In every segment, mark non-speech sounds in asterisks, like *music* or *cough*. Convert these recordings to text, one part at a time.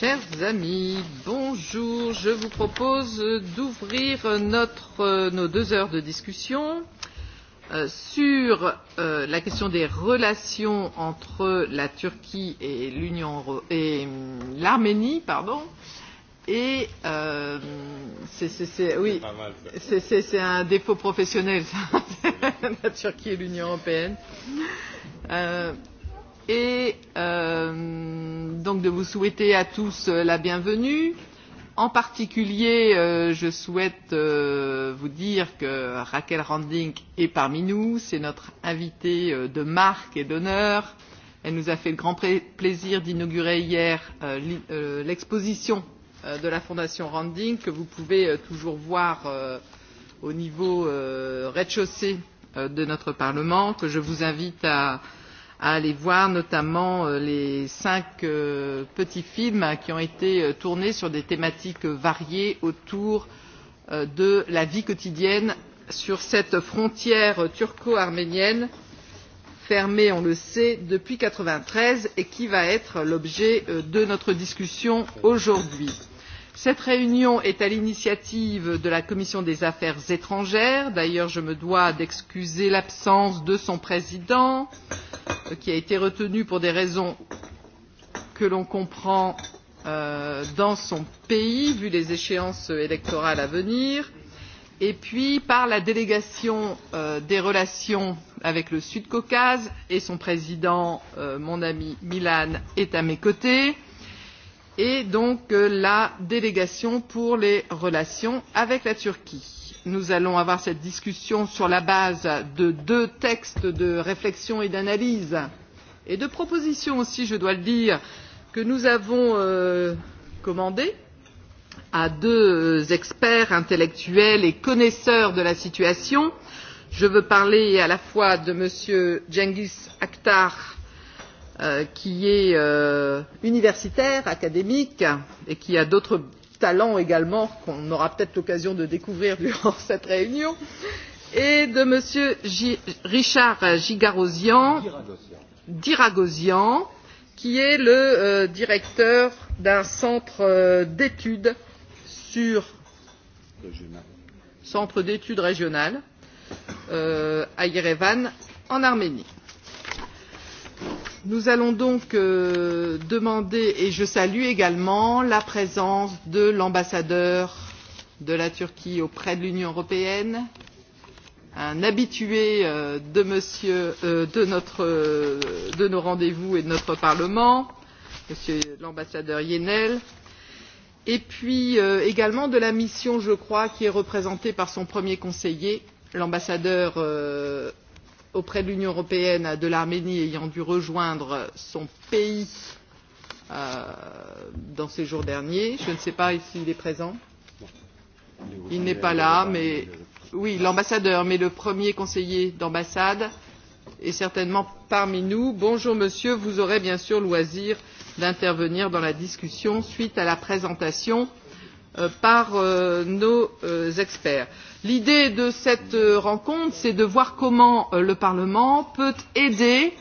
Chers amis, bonjour. Je vous propose d'ouvrir notre, nos deux heures de discussion euh, sur euh, la question des relations entre la Turquie et l'Union et l'Arménie, pardon. Et euh, c'est oui, c'est un défaut professionnel, ça, *laughs* la Turquie et l'Union européenne. Euh, et euh, donc de vous souhaiter à tous euh, la bienvenue. En particulier, euh, je souhaite euh, vous dire que Raquel Randink est parmi nous. C'est notre invitée euh, de marque et d'honneur. Elle nous a fait le grand plaisir d'inaugurer hier euh, euh, l'exposition euh, de la Fondation Randink, que vous pouvez euh, toujours voir euh, au niveau euh, rez-de-chaussée euh, de notre Parlement, que je vous invite à, à aller voir notamment euh, les cinq euh, petits films qui ont été euh, tournés sur des thématiques variées autour de la vie quotidienne sur cette frontière turco arménienne fermée on le sait depuis mille neuf cent quatre vingt treize et qui va être l'objet de notre discussion aujourd'hui. Cette réunion est à l'initiative de la Commission des affaires étrangères. D'ailleurs, je me dois d'excuser l'absence de son président, euh, qui a été retenu pour des raisons que l'on comprend euh, dans son pays, vu les échéances électorales à venir, et puis par la délégation euh, des relations avec le Sud-Caucase, et son président, euh, mon ami Milan, est à mes côtés et donc euh, la délégation pour les relations avec la Turquie. Nous allons avoir cette discussion sur la base de deux textes de réflexion et d'analyse et de propositions aussi, je dois le dire, que nous avons euh, commandées à deux euh, experts intellectuels et connaisseurs de la situation. Je veux parler à la fois de M. Cengiz Akhtar euh, Euh, qui est euh, universitaire, académique et qui a d'autres talents également qu'on aura peut-être l'occasion de découvrir *laughs* durant cette réunion, et de M. G Richard Gigarosian, Diragosian, qui est le euh, directeur d'un centre euh, d'études sur Régional. centre d'études régionales euh, à Yerevan en Arménie Nous allons donc euh, demander, et je salue également la présence de l'ambassadeur de la Turquie auprès de l'Union européenne, un habitué euh, de, monsieur, euh, de, notre, euh, de nos rendez-vous et de notre Parlement, monsieur l'ambassadeur Yenel, et puis euh, également de la mission, je crois, qui est représentée par son premier conseiller, l'ambassadeur euh, auprès de l'union européenne de l'arménie ayant dû rejoindre son pays euh, dans ces jours derniers. je ne sais pas s'il est présent. il n'est pas là mais oui l'ambassadeur mais le premier conseiller d'ambassade est certainement parmi nous. bonjour monsieur vous aurez bien sûr loisir d'intervenir dans la discussion suite à la présentation euh, par euh, nos experts l'idée de cette euh, rencontre c'est de voir comment euh, le parlement peut aider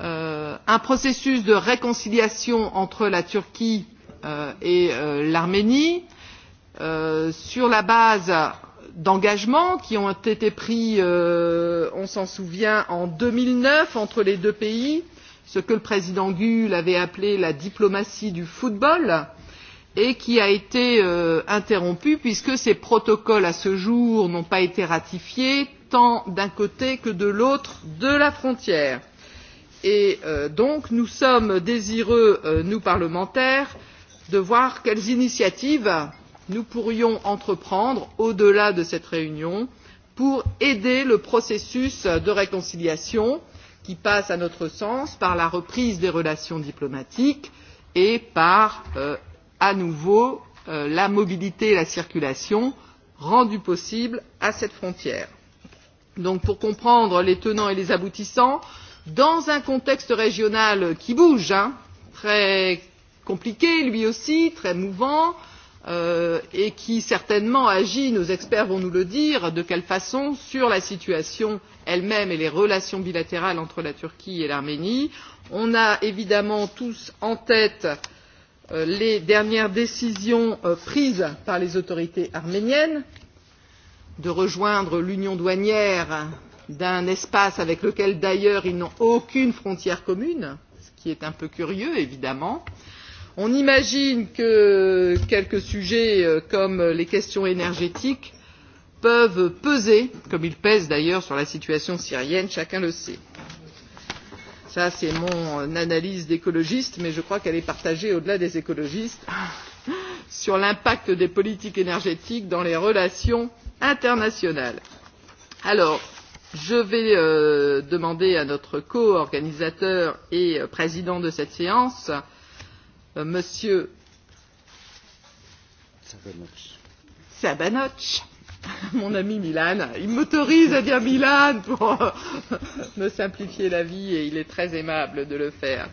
euh, un processus de réconciliation entre la turquie et l'arménie sur la base d'engagements qui ont été pris on s'en souvient en deux mille neuf entre les deux pays ce que le président gül avait appelé la diplomatie du football et qui a été euh, interrompue puisque ces protocoles à ce jour n'ont pas été ratifiés tant d'un côté que de l'autre de la frontière. Et euh, donc nous sommes désireux, euh, nous parlementaires, de voir quelles initiatives nous pourrions entreprendre au delà de cette réunion pour aider le processus de réconciliation qui passe à notre sens par la reprise des relations diplomatiques et par euh, à nouveau euh, la mobilité et la circulation rendues possibles à cette frontière. donc pour comprendre les tenants et les aboutissants dans un contexte régional qui bouge hein, très compliqué lui aussi très mouvant euh, et qui certainement agit nos experts vont nous le dire de quelle façon sur la situation elle même et les relations bilatérales entre la turquie et l'arménie. on a évidemment tous en tête euh, Euh, les dernières décisions euh, prises par les autorités arméniennes de rejoindre l'union douanière d'un espace avec lequel d'ailleurs ils n'ont aucune frontière commune ce qui est un peu curieux évidemment. on imagine que quelques sujets euh, comme les questions énergétiques peuvent peser comme ils pèsent d'ailleurs sur la situation syrienne chacun le sait ça c'est mon analyse d'écologiste mais je crois qu'elle est partagée au delà des écologistes *laughs* sur l'impact des politiques énergétiques dans les relations internationales. alors je vais euh, demander à notre co-organisateur et euh, président de cette séance euh, monsieur Sabanoch. Sabanoch *laughs* mon ami Milan. Il m'autorise à dire Milan pour *laughs* me simplifier la vie et il est très aimable de le faire.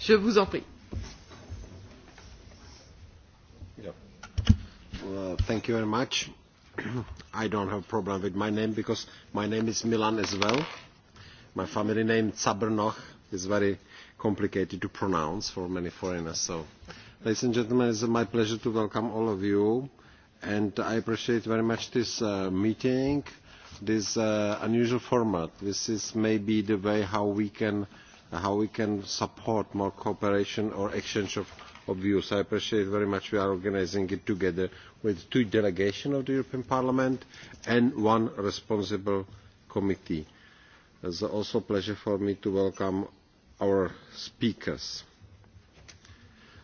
Je vous en prie. Uh, thank you very much. *clears throat* I don't have a problem with my name because my name is Milan as well. My family name Zabernoch is very complicated to pronounce for many foreigners. So, ladies and gentlemen, it's my pleasure to welcome all of you and I appreciate very much this uh, meeting, this uh, unusual format. This is maybe the way how we can how we can support more cooperation or exchange of, of views. I appreciate very much we are organizing it together with two delegations of the European Parliament and one responsible committee. It's also a pleasure for me to welcome our speakers.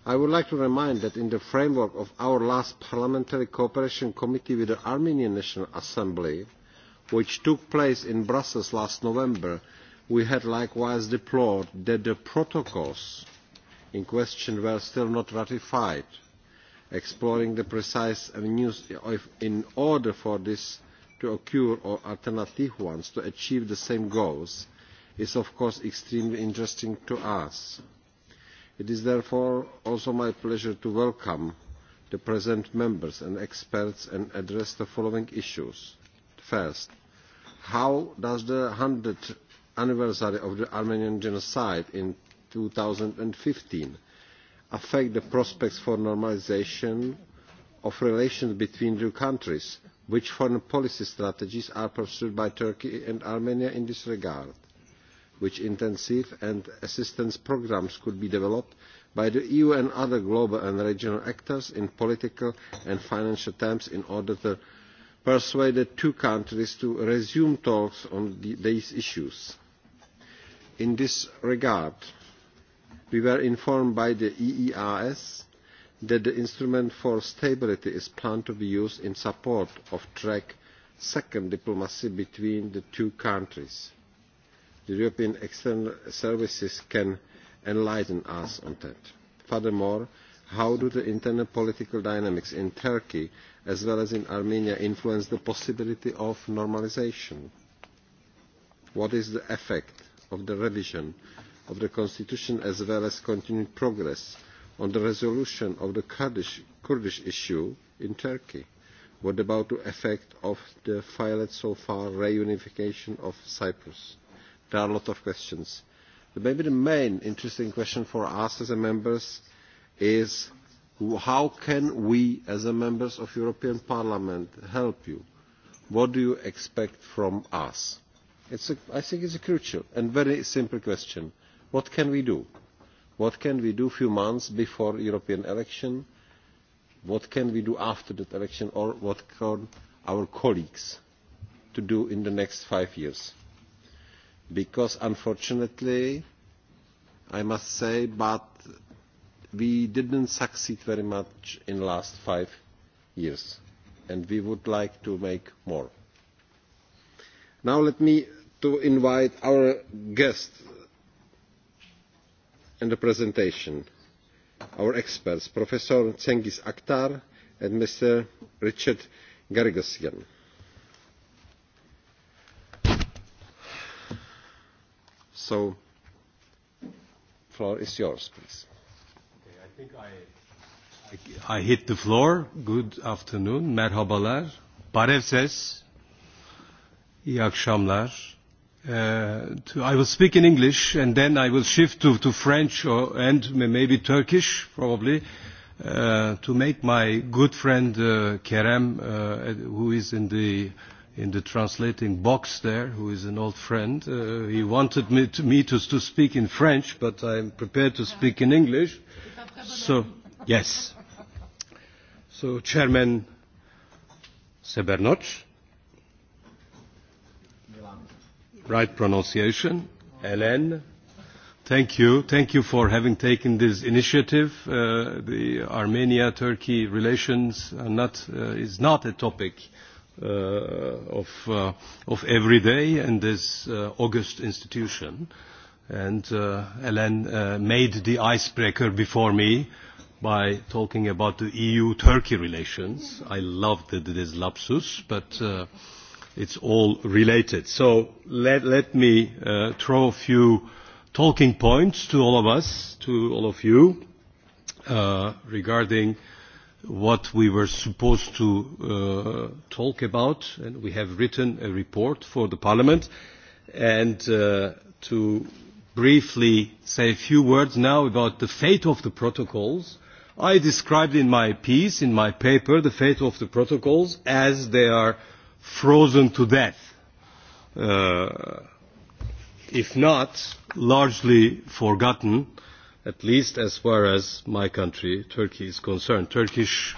I would like to remind that in the framework of our last Parliamentary Cooperation Committee with the Armenian National Assembly, which took place in Brussels last November, we had likewise deplored that the protocols in question were still not ratified, exploring the precise avenues in order for this to occur or alternative ones to achieve the same goals is of course extremely interesting to us It is therefore also my pleasure to welcome the present members and experts and address the following issues. First, how does the 100th anniversary of the Armenian genocide in 2015 affect the prospects for normalization of relations between the countries? Which foreign policy strategies are pursued by Turkey and Armenia in this regard? which intensive and assistance programmes could be developed by the eu and other global and regional actors in political and financial terms in order to persuade the two countries to resume talks on these issues. in this regard we were informed by the eeas that the instrument for stability is planned to be used in support of track second diplomacy between the two countries the European External Services can enlighten us on that. Furthermore, how do the internal political dynamics in Turkey as well as in Armenia influence the possibility of normalisation? What is the effect of the revision of the constitution as well as continued progress on the resolution of the Kurdish, Kurdish issue in Turkey? What about the effect of the failed so far reunification of Cyprus? there are a lot of questions. But maybe the main interesting question for us as a members is how can we as a members of European Parliament help you? What do you expect from us? It's a, I think it's a crucial and very simple question. What can we do? What can we do a few months before European election? What can we do after that election? Or what can our colleagues to do in the next five years? because unfortunately, I must say, but we didn't succeed very much in the last five years, and we would like to make more. Now let me to invite our guest in the presentation, our experts, Professor Cengiz Akhtar and Mr. Richard Gargosyan. So, floor is yours, please. Okay, I think I, I, I hit the floor. Good afternoon, merhabalar, barevses, iyi akşamlar. Uh, to, I will speak in English and then I will shift to, to French or, and maybe Turkish, probably, uh, to make my good friend uh, Kerem, uh, who is in the in the translating box there, who is an old friend. Uh, he wanted me to, me to, to speak in French, but I'm prepared to speak in English. So, yes. So, Chairman Sebernoch, right pronunciation, Ellen. thank you. Thank you for having taken this initiative. Uh, the Armenia-Turkey relations are not, uh, is not a topic uh, uh, of, uh, of every day in this uh, august institution. And uh, Ellen uh, made the icebreaker before me by talking about the EU-Turkey relations. I love that it is lapsus, but uh, it's all related. So let, let me uh, throw a few talking points to all of us, to all of you, uh, regarding uh, what we were supposed to uh, talk about and we have written a report for the parliament and uh, to briefly say a few words now about the fate of the protocols i described in my piece in my paper the fate of the protocols as they are frozen to death uh, if not largely forgotten uh, at least as far as my country, Turkey, is concerned. Turkish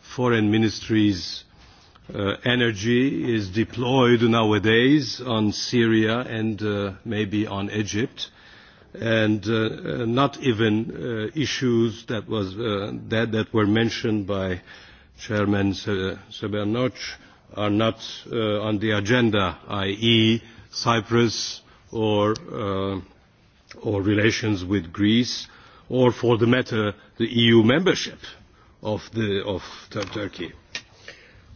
foreign ministry's uh, energy is deployed nowadays on Syria and uh, maybe on Egypt, and uh, uh not even uh, issues that, was, uh, that, that were mentioned by Chairman Sebernoch are not uh, on the agenda, i.e. Cyprus or uh, or relations with Greece, or for the matter, the EU membership of, the, of Turkey.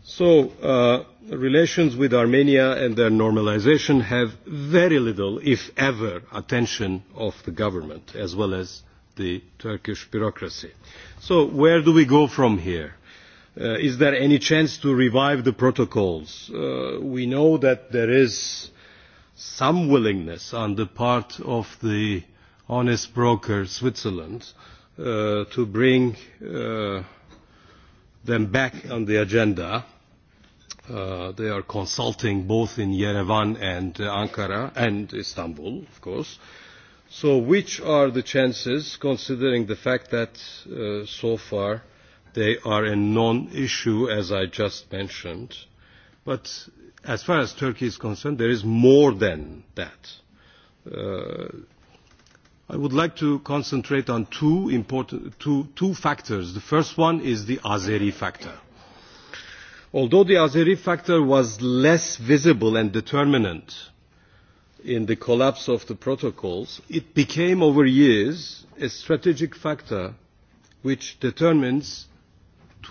So, uh, relations with Armenia and their normalization have very little, if ever, attention of the government as well as the Turkish bureaucracy. So, where do we go from here? Uh, is there any chance to revive the protocols? Uh, we know that there is some willingness on the part of the honest broker Switzerland uh, to bring uh, them back on the agenda. Uh, they are consulting both in Yerevan and uh, Ankara and Istanbul, of course. So which are the chances, considering the fact that uh, so far they are a non-issue, as I just mentioned, but as far as Turkey is concerned, there is more than that. Uh, I would like to concentrate on two, important, two, two factors. The first one is the Azeri factor. Although the Azeri factor was less visible and determinant in the collapse of the protocols, it became over years a strategic factor which determines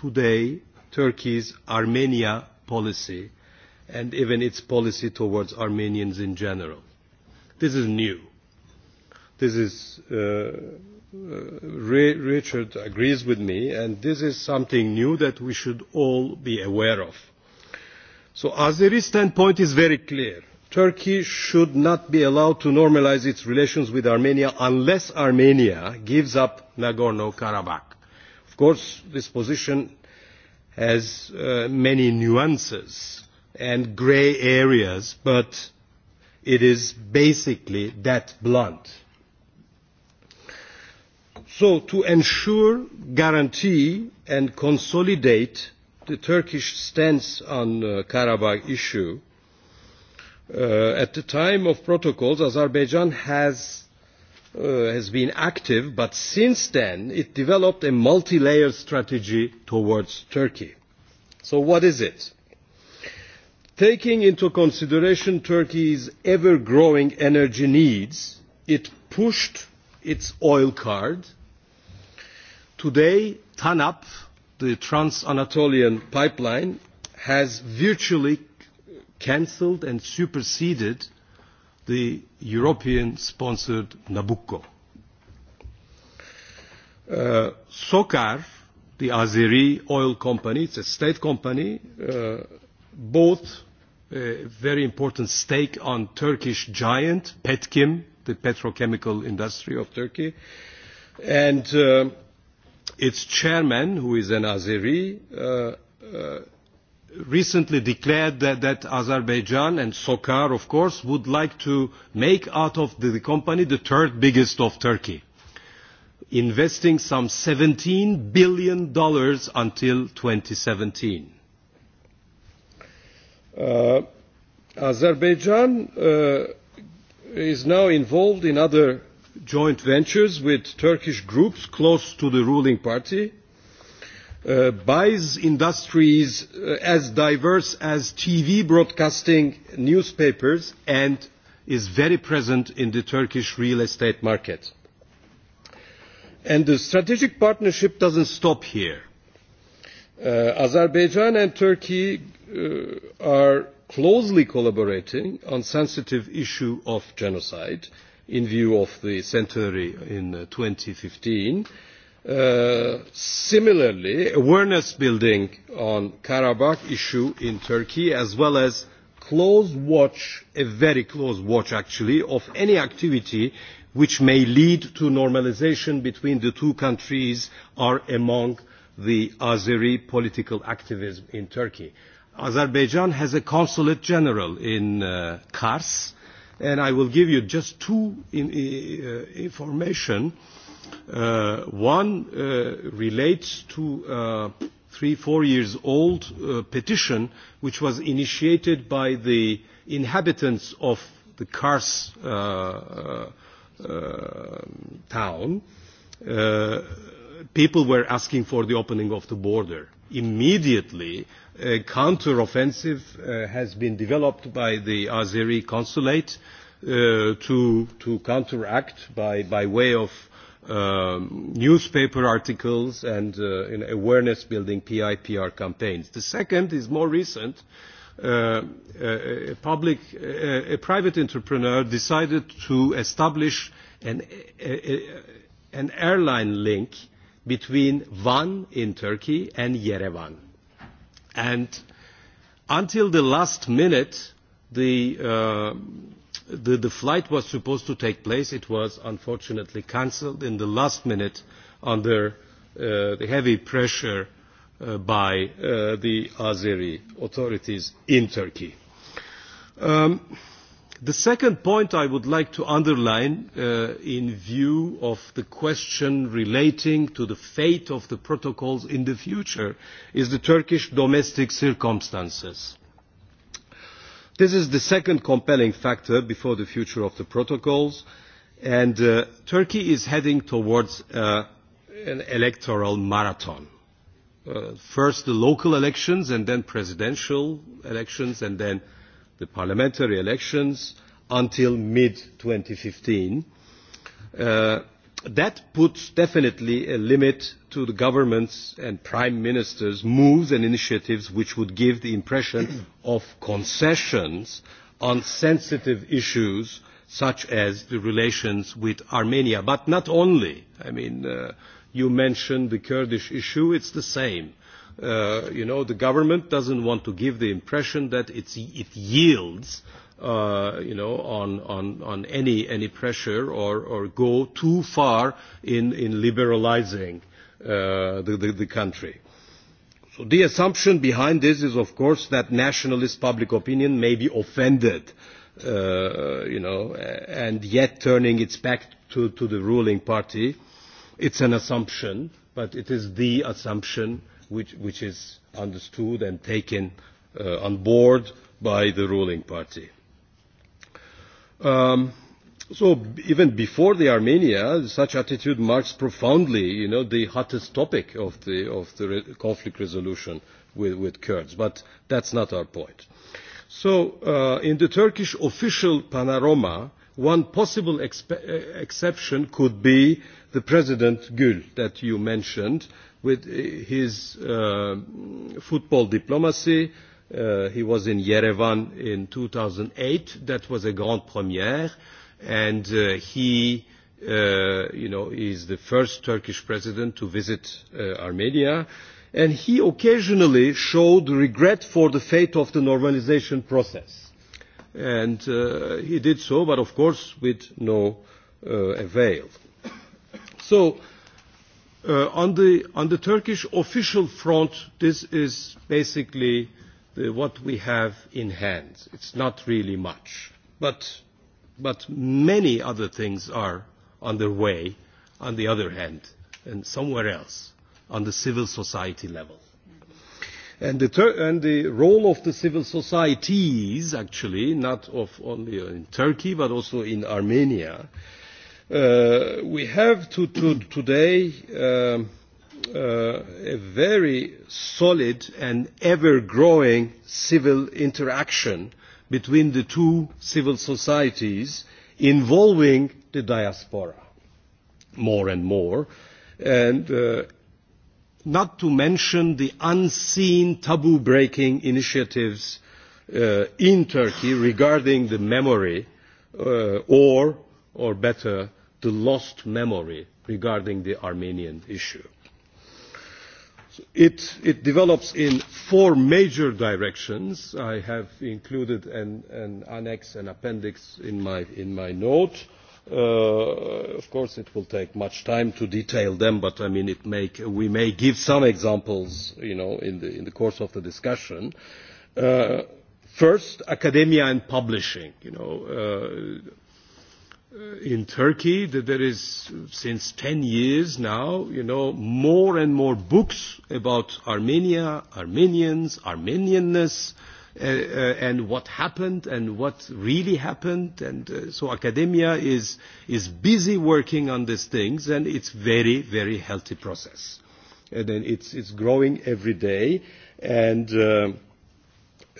today Turkey's Armenia policy and even its policy towards Armenians in general. This is new. This is, uh, uh, Richard agrees with me, and this is something new that we should all be aware of. So Azeri's standpoint is very clear. Turkey should not be allowed to normalize its relations with Armenia unless Armenia gives up Nagorno-Karabakh. Of course, this position has uh, many nuances and grey areas, but it is basically that blunt. So to ensure, guarantee and consolidate the Turkish stance on the uh, Karabakh issue, uh, at the time of protocols, Azerbaijan has, uh, has been active, but since then it developed a multi-layered strategy towards Turkey. So what is it? Taking into consideration Turkey's ever-growing energy needs, it pushed its oil card. Today, TANAP, the Trans-Anatolian pipeline, has virtually cancelled and superseded the European-sponsored Nabucco. Uh, SOCAR, the Azeri oil company, it's a state company, uh, both very important stake on Turkish giant Petkim, the petrochemical industry of Turkey. And uh, its chairman, who is an Azeri, uh, uh, recently declared that, that Azerbaijan and SOCAR, of course, would like to make out of the, the company the third biggest of Turkey, investing some $17 billion until 2017 Uh, Azerbaijan uh, is now involved in other joint ventures with Turkish groups close to the ruling party, uh, buys industries uh, as diverse as TV broadcasting, newspapers, and is very present in the Turkish real estate market. And the strategic partnership doesn't stop here. Uh, Azerbaijan and Turkey Uh, are closely collaborating on sensitive issue of genocide in view of the centenary in 2015. Uh, uh, similarly, awareness building on Karabakh issue in Turkey as well as close watch, a very close watch actually, of any activity which may lead to normalization between the two countries are among the Azeri political activism in Turkey. Azerbaijan has a consulate general in uh, Kars, and I will give you just two in, uh, information. Uh, one uh, relates to uh, three, four years old uh, petition which was initiated by the inhabitants of the Kars uh, uh, uh, town. Uh, people were asking for the opening of the border. Immediately, Counteroffensive counter-offensive uh, has been developed by the Azeri consulate uh, to, to counteract by, by way of um, newspaper articles and uh, in awareness building PIPR campaigns. The second is more recent. Uh, uh, a, public, a, a private entrepreneur decided to establish an, a, a, an airline link between Van in Turkey and Yerevan And until the last minute, the, uh, the, the flight was supposed to take place. It was unfortunately cancelled in the last minute under uh, the heavy pressure uh, by uh, the Azeri authorities in Turkey. Um, The second point I would like to underline uh, in view of the question relating to the fate of the protocols in the future is the Turkish domestic circumstances. This is the second compelling factor before the future of the protocols and uh, Turkey is heading towards uh, an electoral marathon. Uh, first the local elections and then presidential elections and then uh, the parliamentary elections until mid-2015. Uh, that puts definitely a limit to the governments and prime ministers' moves and initiatives which would give the impression *coughs* of concessions on sensitive issues such as the relations with Armenia. But not only. I mean, uh, you mentioned the Kurdish issue, it's the same Uh, you know, the government doesn't want to give the impression that it's, it yields uh, you know, on, on, on any, any pressure or, or go too far in, in liberalizing uh, the, the, the country. So the assumption behind this is, of course, that nationalist public opinion may be offended, uh, you know, and yet turning its back to, to the ruling party. It's an assumption, but it is the assumption uh, which, which is understood and taken uh, on board by the ruling party. Um, so even before the Armenia, such attitude marks profoundly, you know, the hottest topic of the, of the re conflict resolution with, with Kurds. But that's not our point. So uh, in the Turkish official panorama, one possible expe exception could be the President Gül that you mentioned, uh, with uh, his uh, football diplomacy. Uh, he was in Yerevan in 2008. That was a grand premiere. And uh, he uh, you know, is the first Turkish president to visit uh, Armenia. And he occasionally showed regret for the fate of the normalization process. And uh, he did so, but of course with no uh, avail. So, uh, Uh, on, the, on the Turkish official front, this is basically the, what we have in hand. It's not really much. But, but many other things are on their way, on the other hand, and somewhere else, on the civil society level. And the, Tur and the role of the civil societies, actually, not of only in Turkey, but also in Armenia, uh, Uh, we have to, to today um, uh, a very solid and ever-growing civil interaction between the two civil societies involving the diaspora more and more, and uh, not to mention the unseen taboo-breaking initiatives uh, in Turkey regarding the memory uh, or, or better, the lost memory regarding the Armenian issue. So it, it develops in four major directions. I have included an, an annex and appendix in my, in my note. Uh, of course, it will take much time to detail them, but I mean, it make, we may give some examples, you know, in the, in the course of the discussion. Uh, first, academia and publishing. You know, uh, Uh, in Turkey that there is, since 10 years now, you know, more and more books about Armenia, Armenians, Armenianness, uh, uh, and what happened and what really happened. And uh, so academia is, is busy working on these things, and it's very, very healthy process. And then it's, it's growing every day, and, uh,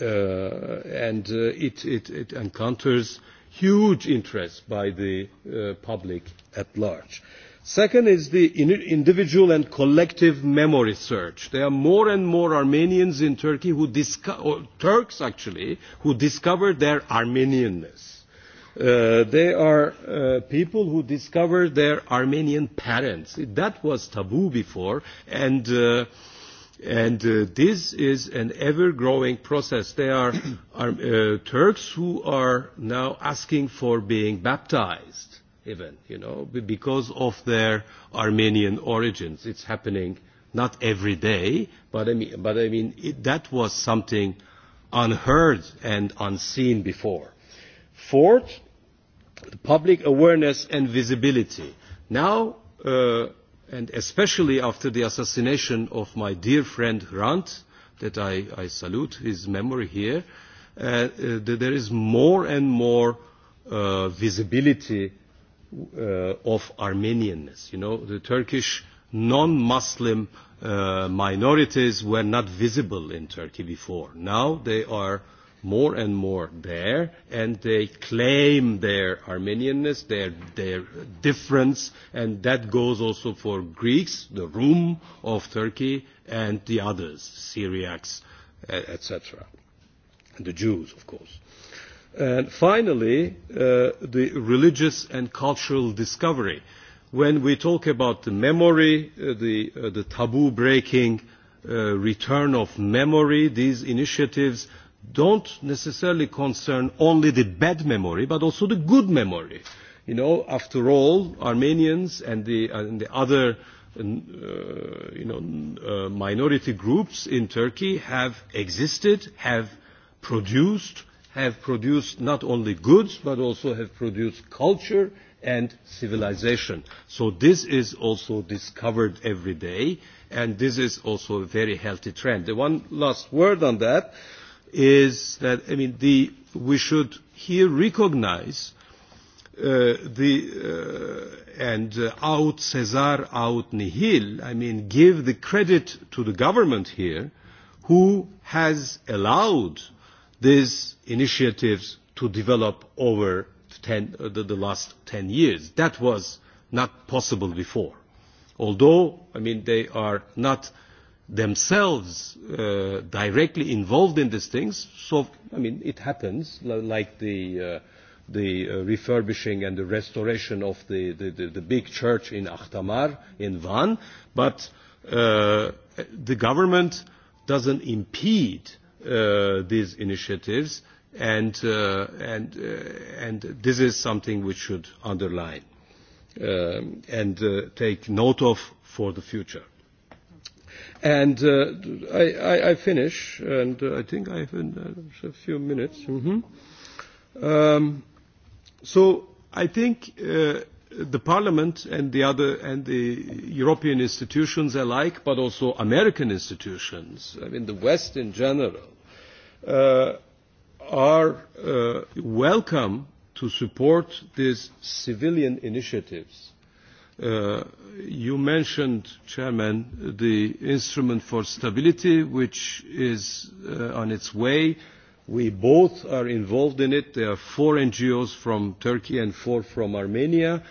uh, and uh, it, it, it encounters uh, huge interest by the uh, public at large. Second is the individual and collective memory search. There are more and more Armenians in Turkey who or Turks actually, who discover their Armenianness. Uh, they are uh, people who discover their Armenian parents. That was taboo before, and uh, And uh, this is an ever-growing process. There are, *coughs* are uh, Turks who are now asking for being baptized, even, you know, because of their Armenian origins. It's happening not every day, but I mean, but I mean it, that was something unheard and unseen before. Fourth, public awareness and visibility. Now, uh, and especially after the assassination of my dear friend Rand, that I, I salute his memory here, uh, uh, there is more and more uh, visibility uh, of Armenianness. You know, the Turkish non-Muslim uh, minorities were not visible in Turkey before. Now they are more and more there, and they claim their Armenianness, their, their difference, and that goes also for Greeks, the room of Turkey, and the others, Syriacs, e, etc. The Jews, of course. And finally, uh, the religious and cultural discovery. When we talk about the memory, uh, the, uh, the taboo breaking, uh, return of memory, these initiatives don't necessarily concern only the bad memory, but also the good memory. You know, after all, Armenians and the, and the other uh, you know, uh, minority groups in Turkey have existed, have produced, have produced not only goods, but also have produced culture and civilization. So this is also discovered every day, and this is also a very healthy trend. The one last word on that is that I mean the we should here recognize uh, the uh, and uh, out Caesar out nihil. I mean give the credit to the government here, who has allowed these initiatives to develop over ten, uh, the, the last 10 years. That was not possible before. Although, I mean, they are not uh, themselves uh, directly involved in these things. So, I mean, it happens, like the, uh, the uh, refurbishing and the restoration of the, the, the, the big church in Akhtamar, in Van. But uh, the government doesn't impede uh, these initiatives, and, uh, and, uh, and this is something we should underline um, and uh, take note of for the future. And uh, I, I, I finish, and uh, I think I have an, uh, a few minutes. Mm-hmm. Um, so I think uh, the Parliament and the other and the European institutions alike, but also American institutions, I mean the West in general, uh, are uh, welcome to support these civilian initiatives Uh, you mentioned, Chairman, the instrument for stability, which is uh, on its way. We both are involved in it. There are four NGOs from Turkey and four from Armenia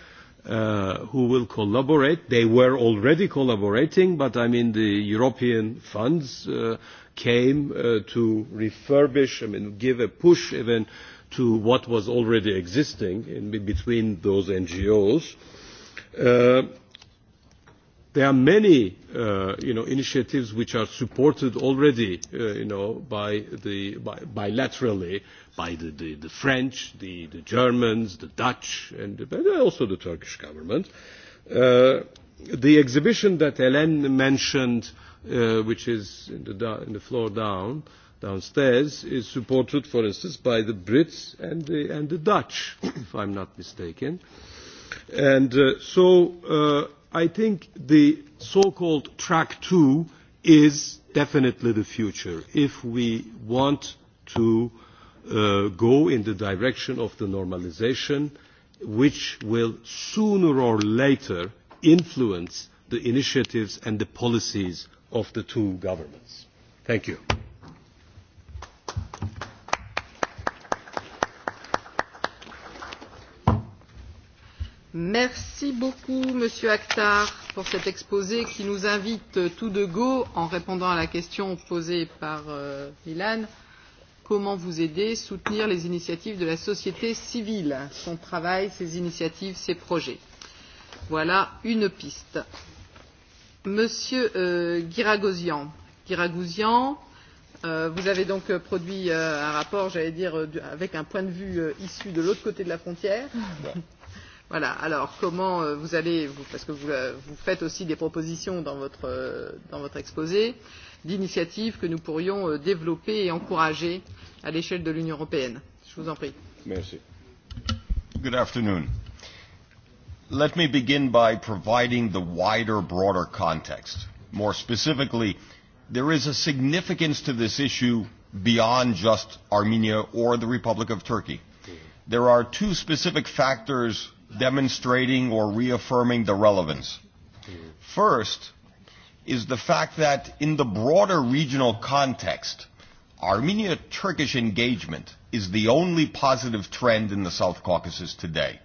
uh, who will collaborate. They were already collaborating, but I mean the European funds uh, came uh, to refurbish, I mean give a push even to what was already existing in between those NGOs. Uh, Uh, there are many uh, you know, initiatives which are supported already uh, you know, by the, by, bilaterally by the, the, the French, the, the Germans, the Dutch, and also the Turkish government. Uh, the exhibition that Hélène mentioned, uh, which is in the, in the floor down, downstairs, is supported, for instance, by the Brits and the, and the Dutch, *coughs* if I'm not mistaken. Uh, And uh, so uh, I think the so-called track two is definitely the future if we want to uh, go in the direction of the normalization which will sooner or later influence the initiatives and the policies of the two governments. Thank you. Merci beaucoup, Monsieur Akhtar, pour cet exposé qui nous invite tout de go, en répondant à la question posée par euh, Milan, comment vous aider, soutenir les initiatives de la société civile, son travail, ses initiatives, ses projets. Voilà une piste. Monsieur euh, Giragosian, Giragosian, euh, vous avez donc euh, produit euh, un rapport, j'allais dire, euh, avec un point de vue euh, issu de l'autre côté de la frontière. Ah, ouais Voilà. Alors, comment euh, vous allez, vous, parce que vous, euh, vous faites aussi des propositions dans votre, euh, dans votre exposé, d'initiatives que nous pourrions euh, développer et encourager à l'échelle de l'Union européenne. Je vous en prie. Merci. Good afternoon. Let me begin by providing the wider, broader context. More specifically, there is a significance to this issue beyond just Armenia or the Republic of Turkey. There are two specific factors demonstrating or reaffirming the relevance. First is the fact that in the broader regional context, Armenia-Turkish engagement is the only positive trend in the South Caucasus today.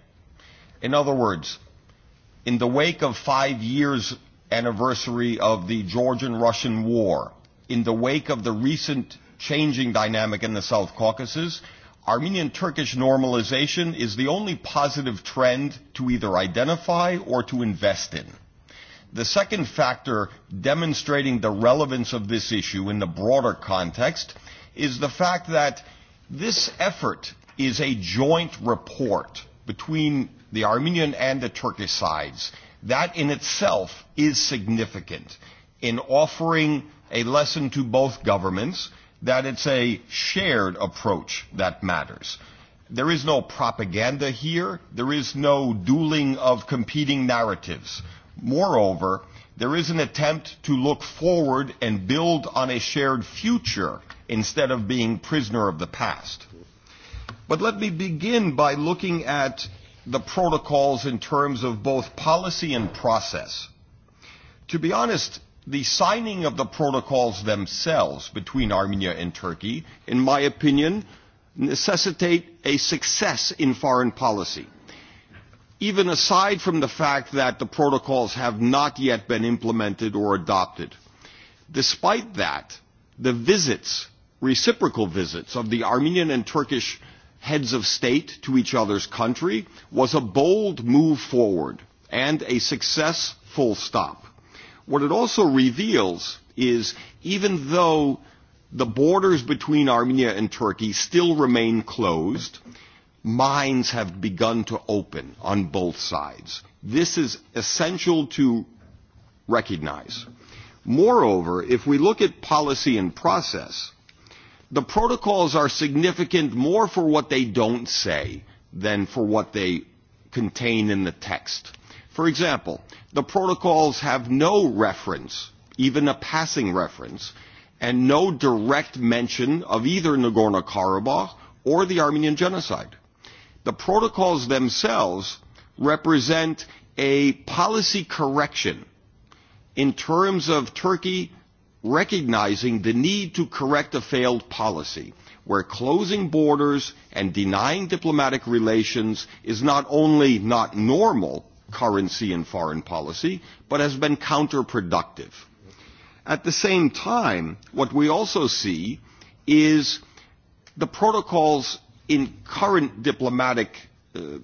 In other words, in the wake of five years anniversary of the Georgian-Russian war, in the wake of the recent changing dynamic in the South Caucasus, Armenian-Turkish normalization is the only positive trend to either identify or to invest in. The second factor demonstrating the relevance of this issue in the broader context is the fact that this effort is a joint report between the Armenian and the Turkish sides. That in itself is significant in offering a lesson to both governments that it's a shared approach that matters. There is no propaganda here. There is no dueling of competing narratives. Moreover, there is an attempt to look forward and build on a shared future instead of being prisoner of the past. But let me begin by looking at the protocols in terms of both policy and process. To be honest, the signing of the protocols themselves between Armenia and Turkey, in my opinion, necessitate a success in foreign policy. Even aside from the fact that the protocols have not yet been implemented or adopted. Despite that, the visits, reciprocal visits of the Armenian and Turkish heads of state to each other's country was a bold move forward and a success full stop. What it also reveals is even though the borders between Armenia and Turkey still remain closed, minds have begun to open on both sides. This is essential to recognize. Moreover, if we look at policy and process, the protocols are significant more for what they don't say than for what they contain in the text. For example, the protocols have no reference, even a passing reference, and no direct mention of either Nagorno-Karabakh or the Armenian genocide. The protocols themselves represent a policy correction in terms of Turkey recognizing the need to correct a failed policy where closing borders and denying diplomatic relations is not only not normal, currency and foreign policy, but has been counterproductive. At the same time, what we also see is the protocols in current diplomatic uh,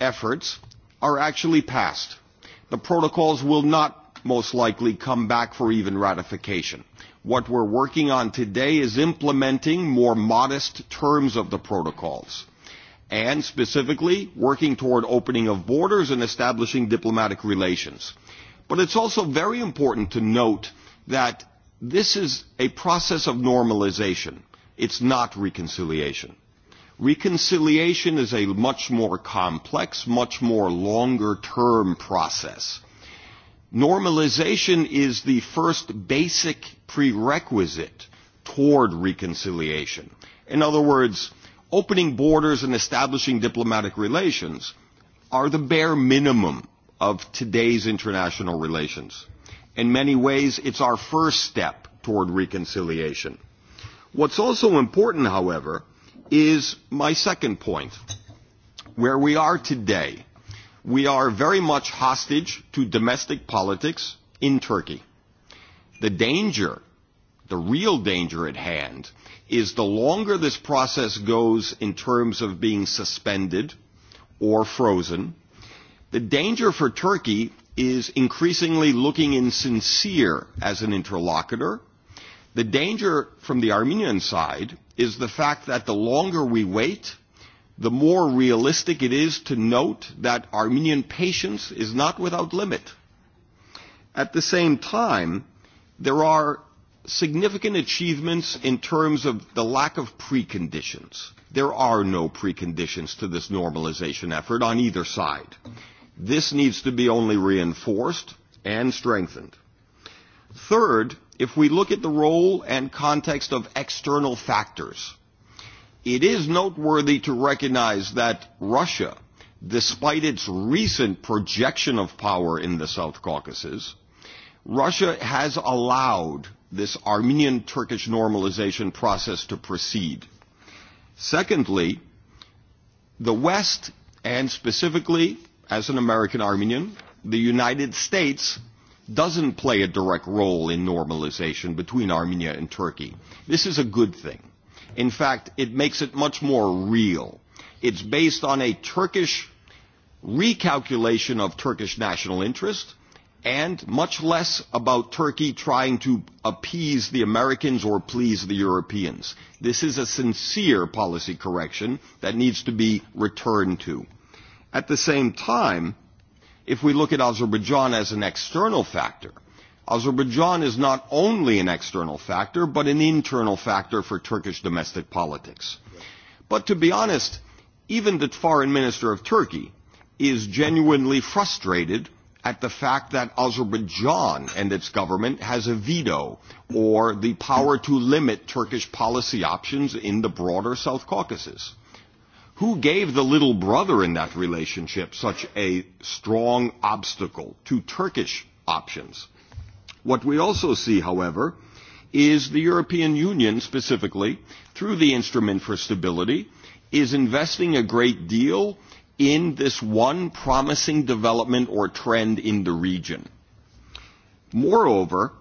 efforts are actually passed. The protocols will not most likely come back for even ratification. What we're working on today is implementing more modest terms of the protocols and specifically working toward opening of borders and establishing diplomatic relations. But it's also very important to note that this is a process of normalization. It's not reconciliation. Reconciliation is a much more complex, much more longer term process. Normalization is the first basic prerequisite toward reconciliation. In other words, opening borders and establishing diplomatic relations are the bare minimum of today's international relations. In many ways, it's our first step toward reconciliation. What's also important, however, is my second point. Where we are today, we are very much hostage to domestic politics in Turkey. The danger, the real danger at hand, is the longer this process goes in terms of being suspended or frozen, the danger for Turkey is increasingly looking insincere as an interlocutor. The danger from the Armenian side is the fact that the longer we wait, the more realistic it is to note that Armenian patience is not without limit. At the same time, there are significant achievements in terms of the lack of preconditions. There are no preconditions to this normalization effort on either side. This needs to be only reinforced and strengthened. Third, if we look at the role and context of external factors, it is noteworthy to recognize that Russia, despite its recent projection of power in the South Caucasus, Russia has allowed this Armenian-Turkish normalization process to proceed. Secondly, the West, and specifically, as an American Armenian, the United States doesn't play a direct role in normalization between Armenia and Turkey. This is a good thing. In fact, it makes it much more real. It's based on a Turkish recalculation of Turkish national interest – and much less about Turkey trying to appease the Americans or please the Europeans. This is a sincere policy correction that needs to be returned to. At the same time, if we look at Azerbaijan as an external factor, Azerbaijan is not only an external factor, but an internal factor for Turkish domestic politics. But to be honest, even the foreign minister of Turkey is genuinely frustrated at the fact that Azerbaijan and its government has a veto or the power to limit Turkish policy options in the broader South Caucasus. Who gave the little brother in that relationship such a strong obstacle to Turkish options? What we also see, however, is the European Union specifically, through the Instrument for Stability, is investing a great deal in this one promising development or trend in the region. Moreover,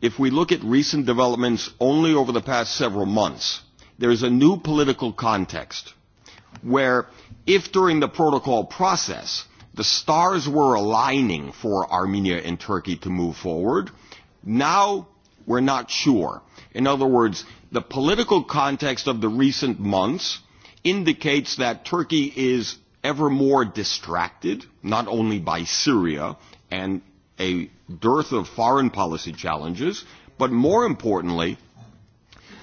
if we look at recent developments only over the past several months, there is a new political context where if during the protocol process the stars were aligning for Armenia and Turkey to move forward, now we're not sure. In other words, the political context of the recent months indicates that Turkey is ever more distracted, not only by Syria and a dearth of foreign policy challenges, but more importantly,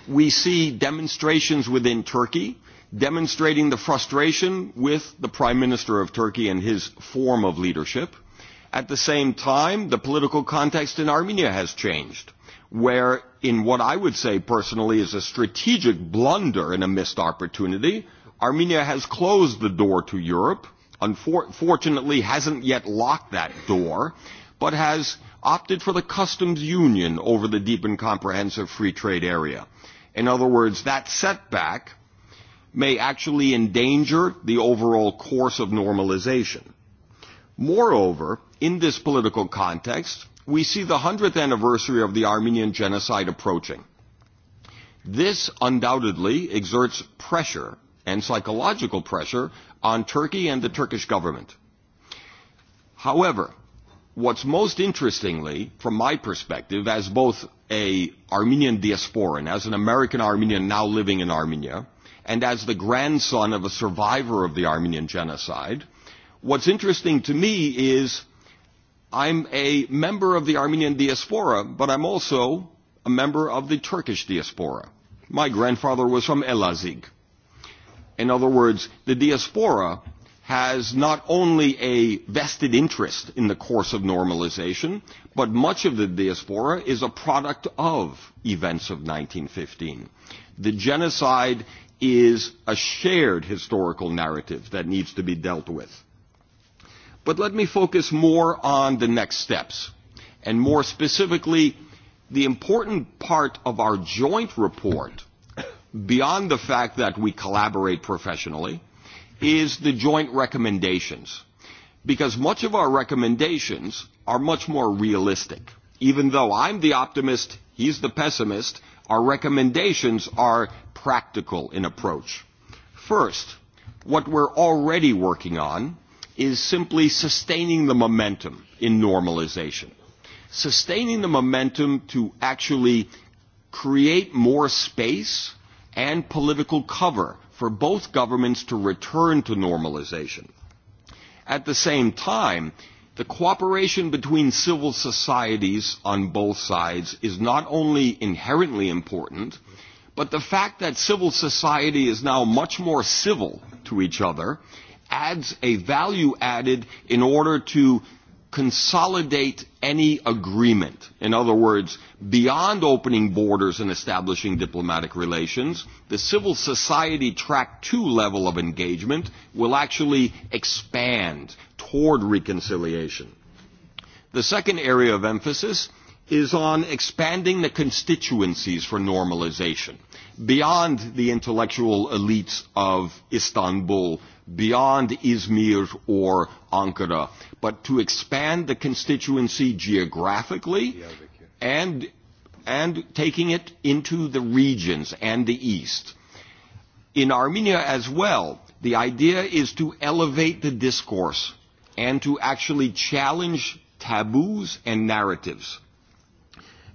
we see demonstrations within Turkey demonstrating the frustration with the Prime Minister of Turkey and his form of leadership. At the same time, the political context in Armenia has changed, where in what I would say personally is a strategic blunder and a missed opportunity, Armenia has closed the door to Europe, unfortunately hasn't yet locked that door, but has opted for the customs union over the deep and comprehensive free trade area. In other words, that setback may actually endanger the overall course of normalization. Moreover, in this political context, we see the 100th anniversary of the Armenian genocide approaching. This undoubtedly exerts pressure and psychological pressure on Turkey and the Turkish government. However, what's most interestingly, from my perspective, as both a Armenian diasporan, as an American Armenian now living in Armenia, and as the grandson of a survivor of the Armenian genocide, what's interesting to me is I'm a member of the Armenian diaspora, but I'm also a member of the Turkish diaspora. My grandfather was from Elazig. In other words, the diaspora has not only a vested interest in the course of normalization, but much of the diaspora is a product of events of 1915. The genocide is a shared historical narrative that needs to be dealt with. But let me focus more on the next steps, and more specifically, the important part of our joint report beyond the fact that we collaborate professionally, is the joint recommendations. Because much of our recommendations are much more realistic. Even though I'm the optimist, he's the pessimist, our recommendations are practical in approach. First, what we're already working on is simply sustaining the momentum in normalization. Sustaining the momentum to actually create more space and political cover for both governments to return to normalization. At the same time, the cooperation between civil societies on both sides is not only inherently important, but the fact that civil society is now much more civil to each other adds a value added in order to consolidate any agreement. In other words, beyond opening borders and establishing diplomatic relations, the civil society track two level of engagement will actually expand toward reconciliation. The second area of emphasis is on expanding the constituencies for normalization – beyond the intellectual elites of Istanbul, beyond Izmir or Ankara, but to expand the constituency geographically and, and taking it into the regions and the East. In Armenia as well, the idea is to elevate the discourse and to actually challenge taboos and narratives.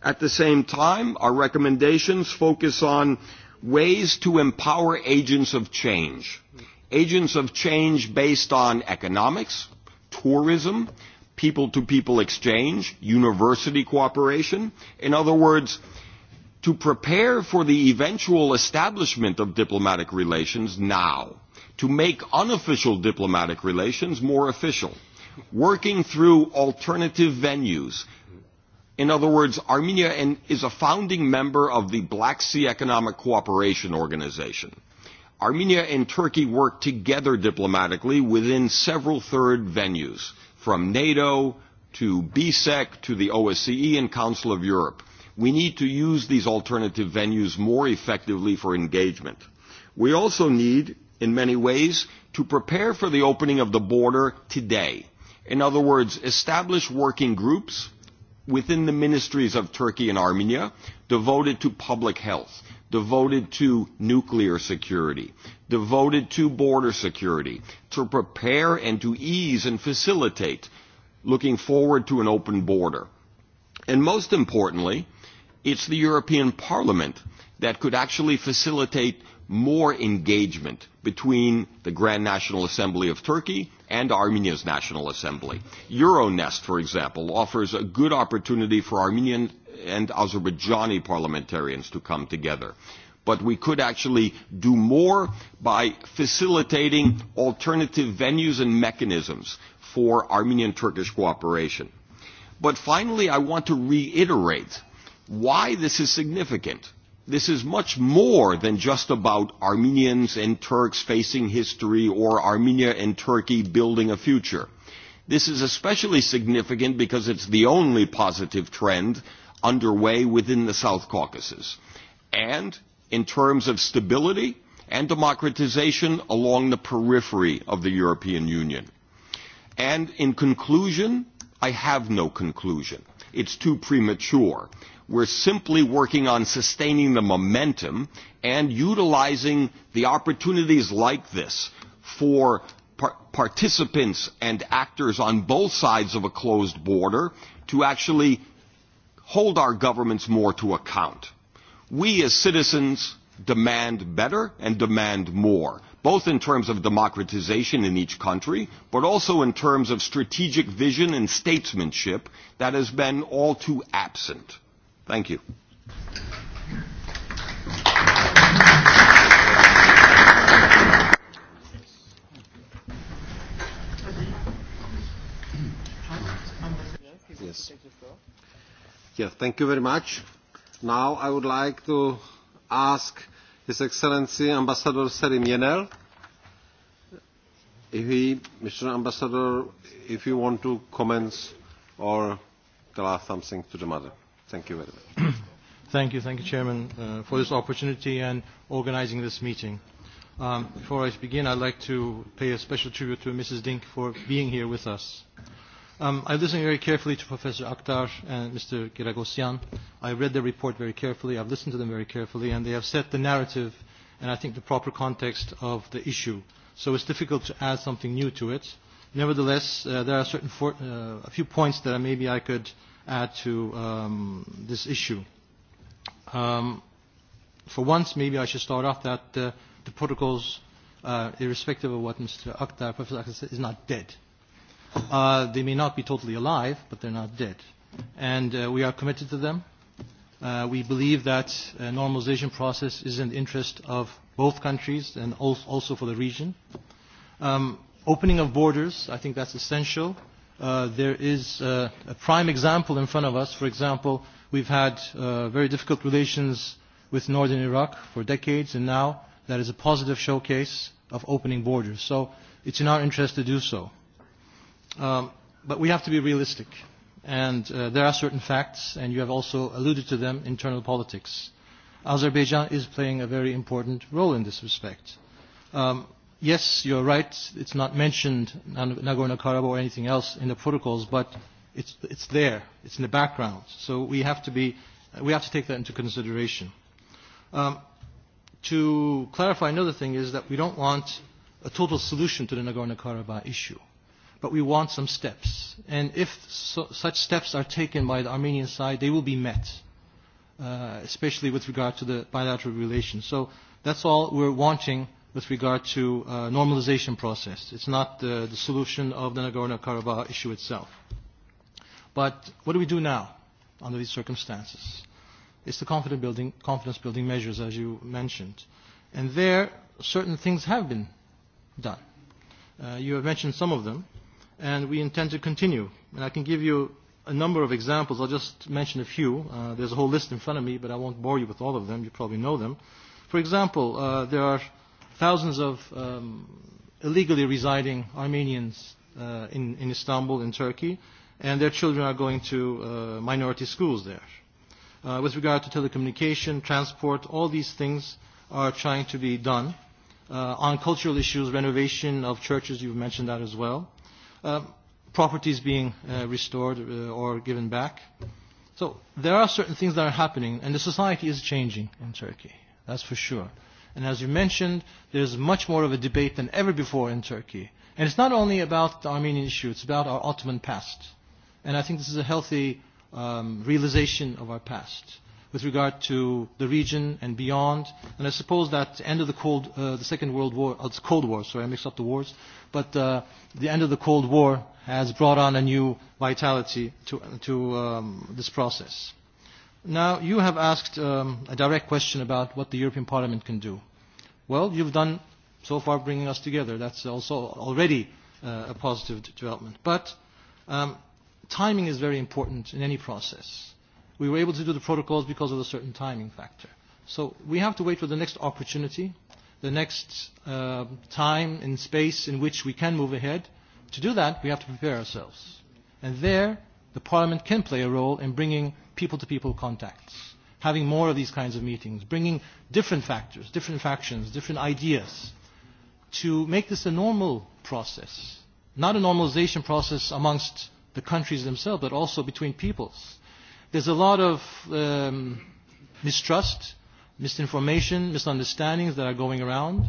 At the same time, our recommendations focus on ways to empower agents of change. Agents of change based on economics, tourism, people-to-people -people exchange, university cooperation. In other words, to prepare for the eventual establishment of diplomatic relations now, to make unofficial diplomatic relations more official, working through alternative venues, In other words, Armenia is a founding member of the Black Sea Economic Cooperation Organization. Armenia and Turkey work together diplomatically within several third venues, from NATO to BSEC to the OSCE and Council of Europe. We need to use these alternative venues more effectively for engagement. We also need, in many ways, to prepare for the opening of the border today. In other words, establish working groups – within the ministries of Turkey and Armenia devoted to public health, devoted to nuclear security, devoted to border security, to prepare and to ease and facilitate looking forward to an open border. And most importantly, it's the European Parliament that could actually facilitate more engagement between the Grand National Assembly of Turkey and Armenia's National Assembly. Euronest, for example, offers a good opportunity for Armenian and Azerbaijani parliamentarians to come together. But we could actually do more by facilitating alternative venues and mechanisms for Armenian-Turkish cooperation. But finally, I want to reiterate why this is significant this is much more than just about Armenians and Turks facing history or Armenia and Turkey building a future. This is especially significant because it's the only positive trend underway within the South Caucasus. And in terms of stability and democratization along the periphery of the European Union. And in conclusion, I have no conclusion. It's too premature. We're simply working on sustaining the momentum and utilizing the opportunities like this for par participants and actors on both sides of a closed border to actually hold our governments more to account. We as citizens demand better and demand more, both in terms of democratization in each country, but also in terms of strategic vision and statesmanship that has been all too absent. Thank you. Yes. Yeah, thank you very much. Now I would like to ask His Excellency Ambassador Selim Yenel if he, Mr. Ambassador, if you want to comment or tell us something to the matter. Thank you very much. *clears throat* thank you, thank you, Chairman, uh, for this opportunity and organizing this meeting. Um, before I begin, I'd like to pay a special tribute to Mrs. Dink for being here with us. Um, I listened very carefully to Professor Akhtar and Mr. Giragosyan. I read their report very carefully. I've listened to them very carefully, and they have set the narrative and I think the proper context of the issue. So it's difficult to add something new to it. Nevertheless, uh, there are certain for, uh, a few points that maybe I could uh, add to um, this issue. Um, for once, maybe I should start off that uh, the protocols, uh, irrespective of what Mr. Akhtar, Professor Akhtar said, is not dead. Uh, they may not be totally alive, but they're not dead. And uh, we are committed to them. Uh, we believe that a normalization process is in the interest of both countries and also for the region. Um, opening of borders, I think that's essential Uh, there is uh, a prime example in front of us. For example, we've had uh, very difficult relations with northern Iraq for decades, and now that is a positive showcase of opening borders. So it's in our interest to do so. Um, but we have to be realistic. And uh, there are certain facts, and you have also alluded to them, internal politics. Azerbaijan is playing a very important role in this respect. Um, yes, you're right, it's not mentioned, Nagorno-Karabakh or anything else in the protocols, but it's, it's there, it's in the background. So we have to, be, we have to take that into consideration. Um, to clarify another thing is that we don't want a total solution to the Nagorno-Karabakh issue, but we want some steps. And if so, such steps are taken by the Armenian side, they will be met, uh, especially with regard to the bilateral relations. So that's all we're wanting with regard to uh, normalization process. It's not the, uh, the solution of the Nagorno-Karabakh issue itself. But what do we do now under these circumstances? It's the confidence building, confidence building measures, as you mentioned. And there, certain things have been done. Uh, you have mentioned some of them, and we intend to continue. And I can give you a number of examples. I'll just mention a few. Uh, there's a whole list in front of me, but I won't bore you with all of them. You probably know them. For example, uh, there are thousands of um, illegally residing Armenians uh, in, in Istanbul, in Turkey, and their children are going to uh, minority schools there. Uh, with regard to telecommunication, transport, all these things are trying to be done. Uh, on cultural issues, renovation of churches, you've mentioned that as well. Uh, properties being uh, restored uh, or given back. So there are certain things that are happening, and the society is changing in Turkey. That's for sure. Uh, And as you mentioned, there's much more of a debate than ever before in Turkey. And it's not only about the Armenian issue, it's about our Ottoman past. And I think this is a healthy um, realization of our past with regard to the region and beyond. And I suppose that the end of the Cold, uh, the Second World War, oh, uh, it's Cold War, sorry, I mixed up the wars, but uh, the end of the Cold War has brought on a new vitality to, to um, this process. Now, you have asked um, a direct question about what the European Parliament can do. Well, you've done so far bringing us together. That's also already uh, a positive development. But um, timing is very important in any process. We were able to do the protocols because of a certain timing factor. So we have to wait for the next opportunity, the next uh, time and space in which we can move ahead. To do that, we have to prepare ourselves. And there, the Parliament can play a role in bringing – people-to-people contacts, having more of these kinds of meetings, bringing different factors, different factions, different ideas to make this a normal process, not a normalization process amongst the countries themselves, but also between peoples. There's a lot of um, mistrust, misinformation, misunderstandings that are going around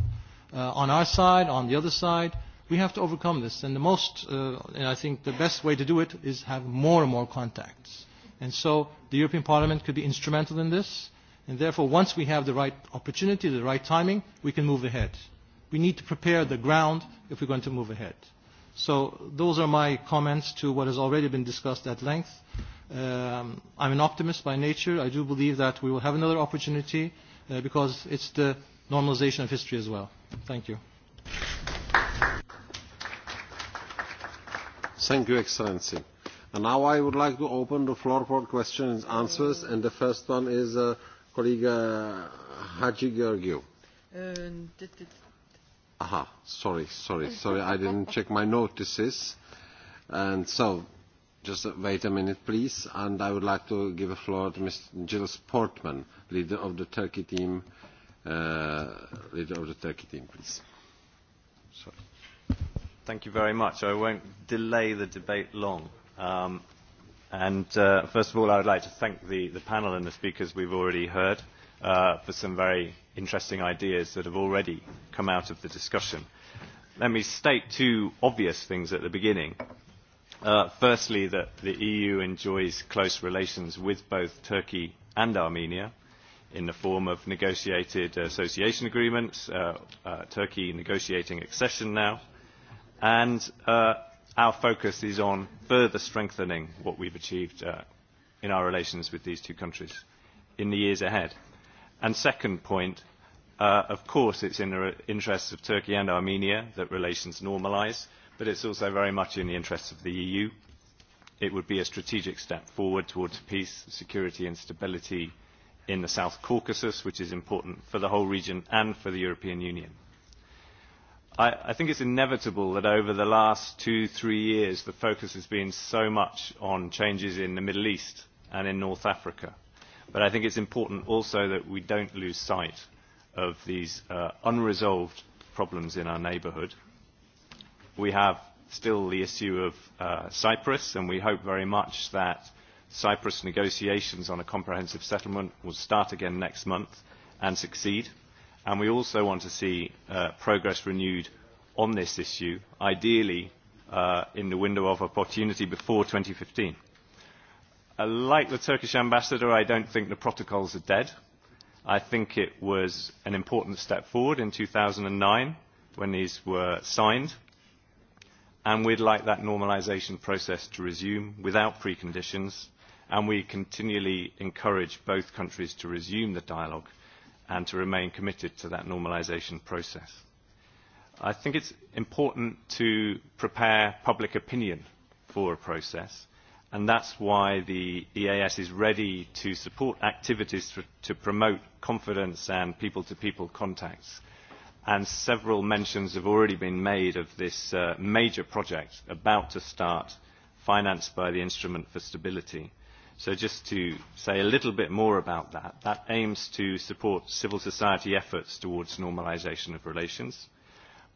uh, on our side, on the other side. We have to overcome this, and the most, uh, and I think the best way to do it is have more and more contacts. And so the European Parliament could be instrumental in this. And therefore, once we have the right opportunity, the right timing, we can move ahead. We need to prepare the ground if we're going to move ahead. So those are my comments to what has already been discussed at length. Um, I'm an optimist by nature. I do believe that we will have another opportunity uh, because it's the normalization of history as well. Thank you. Thank you, Excellency. And now I would like to open the floor for questions and answers, and the first one is uh, colleague uh, Haji Georgiou. Uh, Aha, sorry, sorry, sorry, I didn't *laughs* check my notices. And so, just wait a minute, please, and I would like to give the floor to Ms. Jill Sportman, leader of the Turkey team, uh, leader of the Turkey team, please. Sorry. Thank you very much. I won't delay the debate long Um, and uh, first of all, I would like to thank the, the panel and the speakers we've already heard uh, for some very interesting ideas that have already come out of the discussion. Let me state two obvious things at the beginning. Uh, firstly, that the EU enjoys close relations with both Turkey and Armenia in the form of negotiated association agreements, uh, uh, Turkey negotiating accession now, and uh, our focus is on further strengthening what we've achieved uh, in our relations with these two countries in the years ahead. And second point, uh, of course it's in the interests of Turkey and Armenia that relations normalise, but it's also very much in the interests of the EU. It would be a strategic step forward towards peace, security and stability in the South Caucasus, which is important for the whole region and for the European Union I, think it's inevitable that over the last two, three years, the focus has been so much on changes in the Middle East and in North Africa. But I think it's important also that we don't lose sight of these uh, unresolved problems in our neighbourhood. We have still the issue of uh, Cyprus, and we hope very much that Cyprus negotiations on a comprehensive settlement will start again next month and succeed and we also want to see uh, progress renewed on this issue, ideally uh, in the window of opportunity before 2015. Uh, like the Turkish ambassador, I don't think the protocols are dead. I think it was an important step forward in 2009 when these were signed, and we'd like that normalisation process to resume without preconditions, and we continually encourage both countries to resume the dialogue and to remain committed to that normalisation process. I think it's important to prepare public opinion for a process, and that's why the EAS is ready to support activities to, to promote confidence and people-to-people -people contacts. And several mentions have already been made of this uh, major project about to start, financed by the Instrument for Stability. So just to say a little bit more about that, that aims to support civil society efforts towards normalisation of relations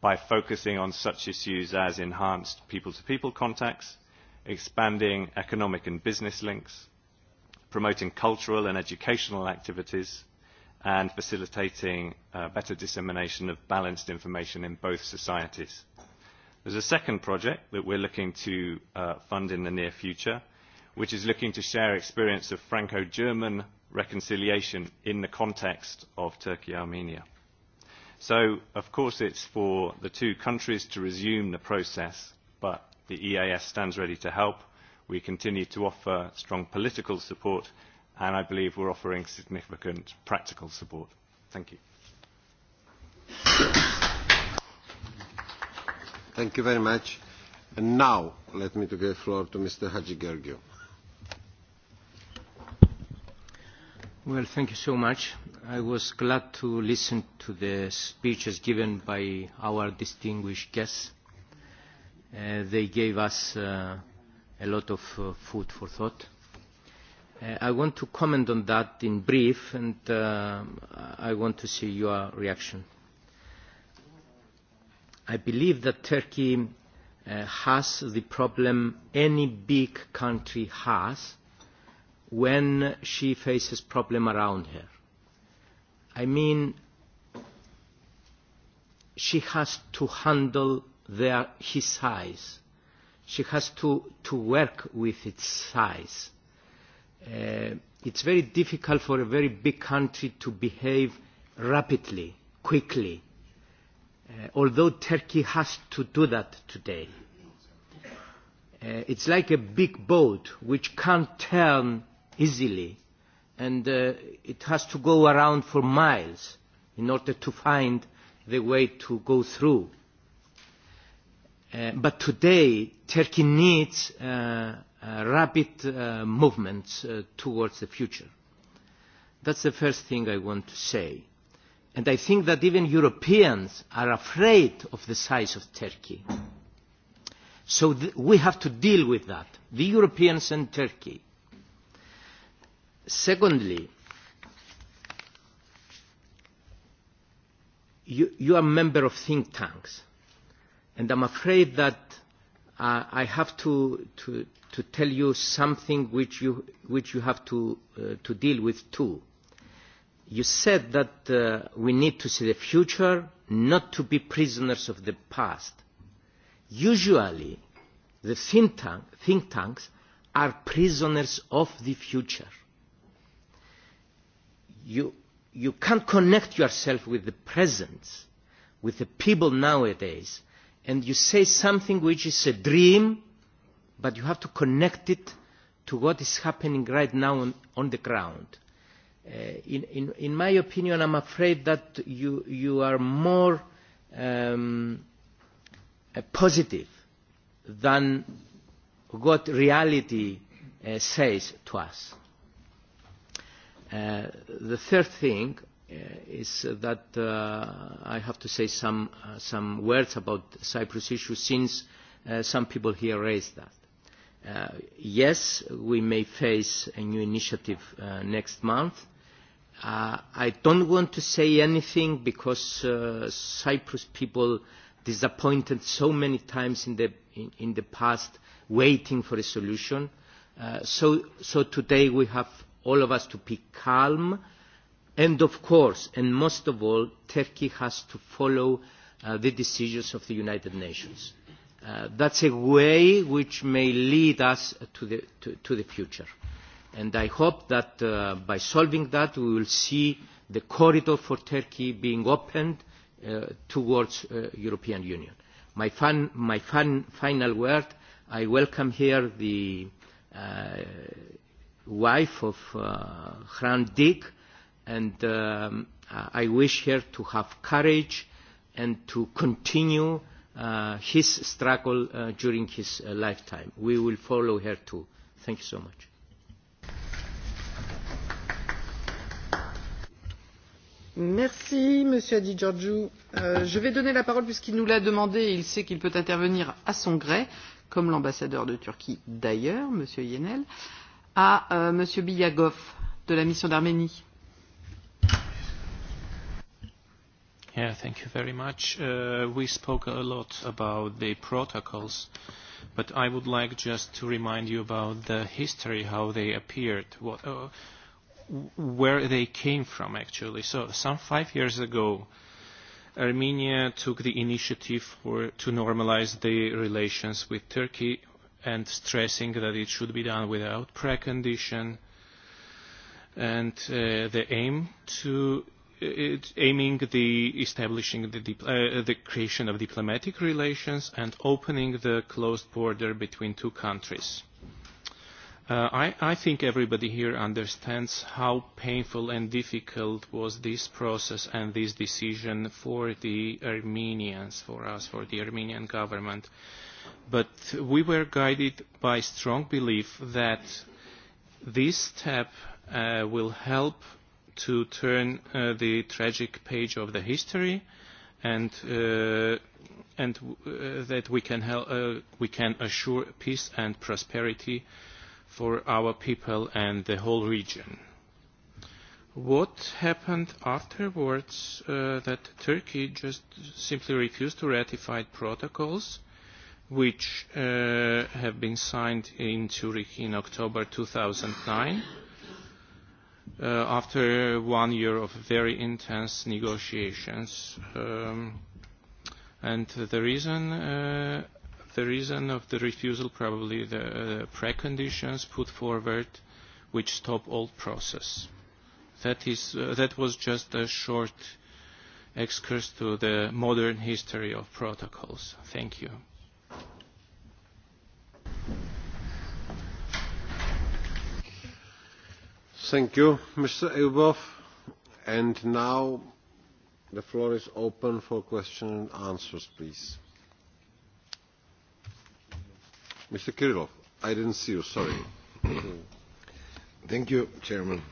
by focusing on such issues as enhanced people-to-people -people contacts, expanding economic and business links, promoting cultural and educational activities, and facilitating uh, better dissemination of balanced information in both societies. There's a second project that we're looking to uh, fund in the near future, which is looking to share experience of Franco-German reconciliation in the context of Turkey-Armenia. So, of course, it's for the two countries to resume the process, but the EAS stands ready to help. We continue to offer strong political support, and I believe we're offering significant practical support. Thank you. Thank you very much. And now, let me give the floor to Mr. Hadjigeorgiou. Well, thank you so much. I was glad to listen to the speeches given by our distinguished guests. Uh, they gave us uh, a lot of uh, food for thought. Uh, I want to comment on that in brief, and uh, I want to see your reaction. I believe that Turkey uh, has the problem any big country has, when she faces problem around her. I mean, she has to handle their, his size. She has to, to work with its size. Uh, it's very difficult for a very big country to behave rapidly, quickly, uh, although Turkey has to do that today. Uh, it's like a big boat which can't turn easily and uh, it has to go around for miles in order to find the way to go through. Uh, but today, Turkey needs uh, uh, rapid uh, movements uh, towards the future. That's the first thing I want to say. And I think that even Europeans are afraid of the size of Turkey. So th we have to deal with that, the Europeans and Turkey Secondly, you, you are a member of think tanks, and I'm afraid that uh, I have to, to, to tell you something which you, which you have to, uh, to deal with too. You said that uh, we need to see the future, not to be prisoners of the past. Usually, the think, tank, think tanks are prisoners of the future you, you can't connect yourself with the present, with the people nowadays, and you say something which is a dream, but you have to connect it to what is happening right now on, on the ground. Uh, in, in, in my opinion, I'm afraid that you, you are more um, uh, positive than what reality uh, says to us Uh, the third thing uh, is that uh, I have to say some, uh, some words about Cyprus issue since uh, some people here raised that. Uh, yes, we may face a new initiative uh, next month. Uh, I don't want to say anything because uh, Cyprus people disappointed so many times in the, in, in the past waiting for a solution. Uh, so, so today we have all of us to be calm. And of course, and most of all, Turkey has to follow uh, the decisions of the United Nations. Uh, that's a way which may lead us to the, to, to the future. And I hope that uh, by solving that, we will see the corridor for Turkey being opened uh, towards uh, European Union. My, fun, my fun, final word, I welcome here the uh, wife of uh, Hran Dink, and um, uh, I wish her to have courage and to continue uh, his struggle uh, during his uh, lifetime. We will follow her too. Thank you so much. Merci, Monsieur Adi Georgiou. Euh, je vais donner la parole puisqu'il nous l'a demandé et il sait qu'il peut intervenir à son gré, comme l'ambassadeur de Turquie d'ailleurs, Monsieur Yenel. Euh, à euh, Monsieur Biyagov de la mission d'Arménie. Yeah, thank you very much. Uh, we spoke a lot about the protocols, but I would like just to remind you about the history, how they appeared, what, uh, where they came from actually. So some five years ago, Armenia took the initiative for, to normalize the relations with Turkey and stressing that it should be done without precondition and uh, the aim to uh, it, aiming the establishing the, uh, the creation of diplomatic relations and opening the closed border between two countries. Uh, I, I think everybody here understands how painful and difficult was this process and this decision for the Armenians, for us, for the Armenian government. Uh, but we were guided by strong belief that this step uh, will help to turn uh, the tragic page of the history and uh, and uh, that we can help, uh, we can assure peace and prosperity for our people and the whole region what happened afterwards uh, that turkey just simply refused to ratify protocols uh, which uh, have been signed in Zurich in October 2009 uh, after one year of very intense negotiations. Um, and the reason, uh, the reason of the refusal probably the uh, preconditions put forward which stop all process. That, is, uh, that was just a short excursus to the modern history of protocols. Thank you. Thank you, Mr. Ilbov. And now the floor is open for questions and answers, please. Mr. Kirillov, I didn't see you, sorry. Thank you, Chairman.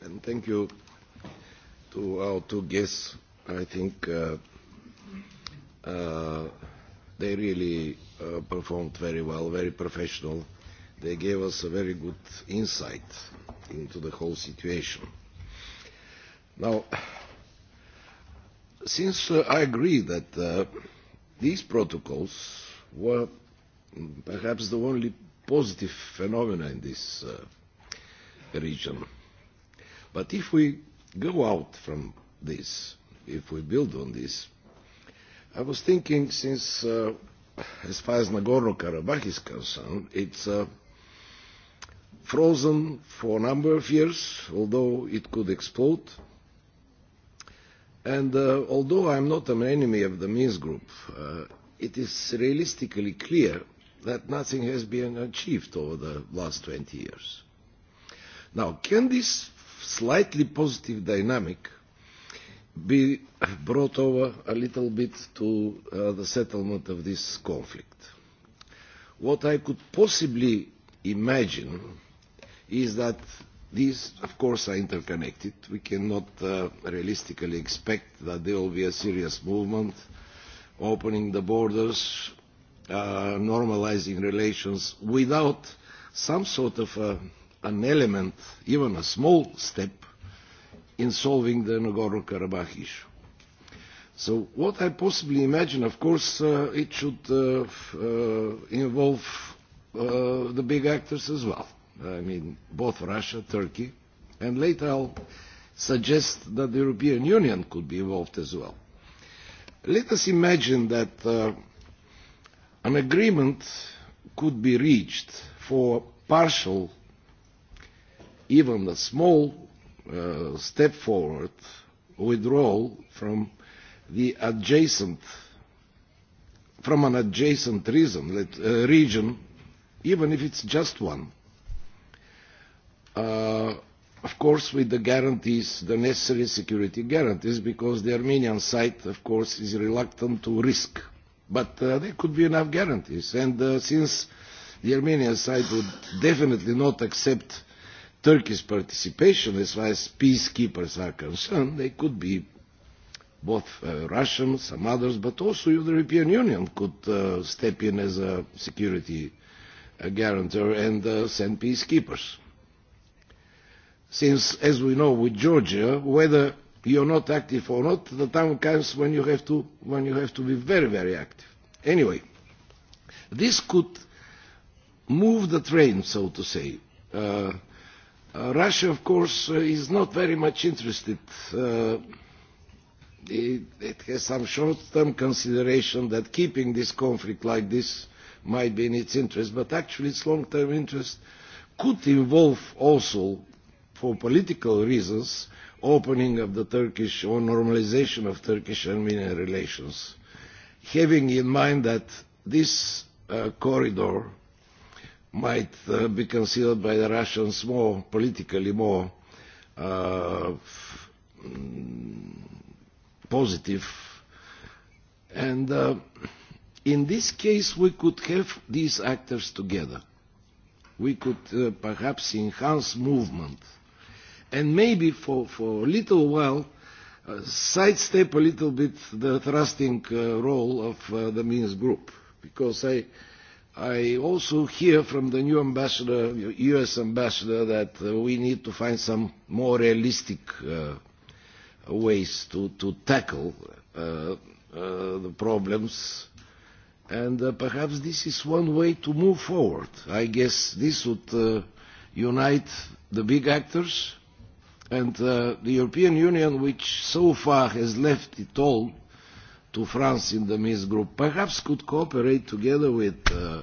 And thank you to our two guests. I think uh, uh, they really uh, performed very well, very professional. They gave us a very good insight into the whole situation. Now, since uh, I agree that uh, these protocols were perhaps the only positive phenomena in this uh, region, but if we go out from this, if we build on this, I was thinking since, uh, as far as Nagorno-Karabakh is concerned, it's a uh, frozen for a number of years, although it could explode. And uh, although am not an enemy of the Minsk group, uh, it is realistically clear that nothing has been achieved over the last 20 years. Now, can this slightly positive dynamic be brought over a little bit to uh, the settlement of this conflict? What I could possibly imagine is that these, of course, are interconnected. We cannot uh, realistically expect that there will be a serious movement opening the borders, uh, normalizing relations without some sort of a, uh, an element, even a small step, in solving the Nagorno-Karabakh issue. So what I possibly imagine, of course, uh, it should uh, uh, involve uh, the big actors as well I mean, both Russia, Turkey, and later I'll suggest that the European Union could be involved as well. Let us imagine that uh, an agreement could be reached for partial, even a small uh, step forward, withdrawal from the adjacent, from an adjacent reason, let, uh, region, even if it's just one Uh, of course with the guarantees, the necessary security guarantees, because the Armenian side, of course, is reluctant to risk. But uh, there could be enough guarantees. And uh, since the Armenian side would definitely not accept Turkey's participation as far as peacekeepers are concerned, they could be both uh, Russian, some others, but also the European Union could uh, step in as a security uh, guarantor and uh, send peacekeepers since, as we know, with Georgia, whether you are not active or not, the time comes when you have to, when you have to be very, very active. Anyway, this could move the train, so to say. Uh, uh, Russia, of course, uh, is not very much interested. Uh, it, it has some short-term consideration that keeping this conflict like this might be in its interest, but actually its long-term interest could involve also for political reasons, opening of the Turkish or normalization of Turkish-Armenian relations, having in mind that this uh, corridor might uh, be considered by the Russians more politically more uh, mm, positive. And uh, in this case, we could have these actors together. We could uh, perhaps enhance movement and maybe for, for a little while uh, sidestep a little bit the thrusting uh, role of uh, the Minsk group. Because I, I also hear from the new ambassador, US ambassador, that uh, we need to find some more realistic uh, ways to, to tackle uh, uh, the problems. And uh, perhaps this is one way to move forward. I guess this would uh, unite the big actors and uh, the European Union, which so far has left it all to France in the Minsk group, perhaps could cooperate together with uh,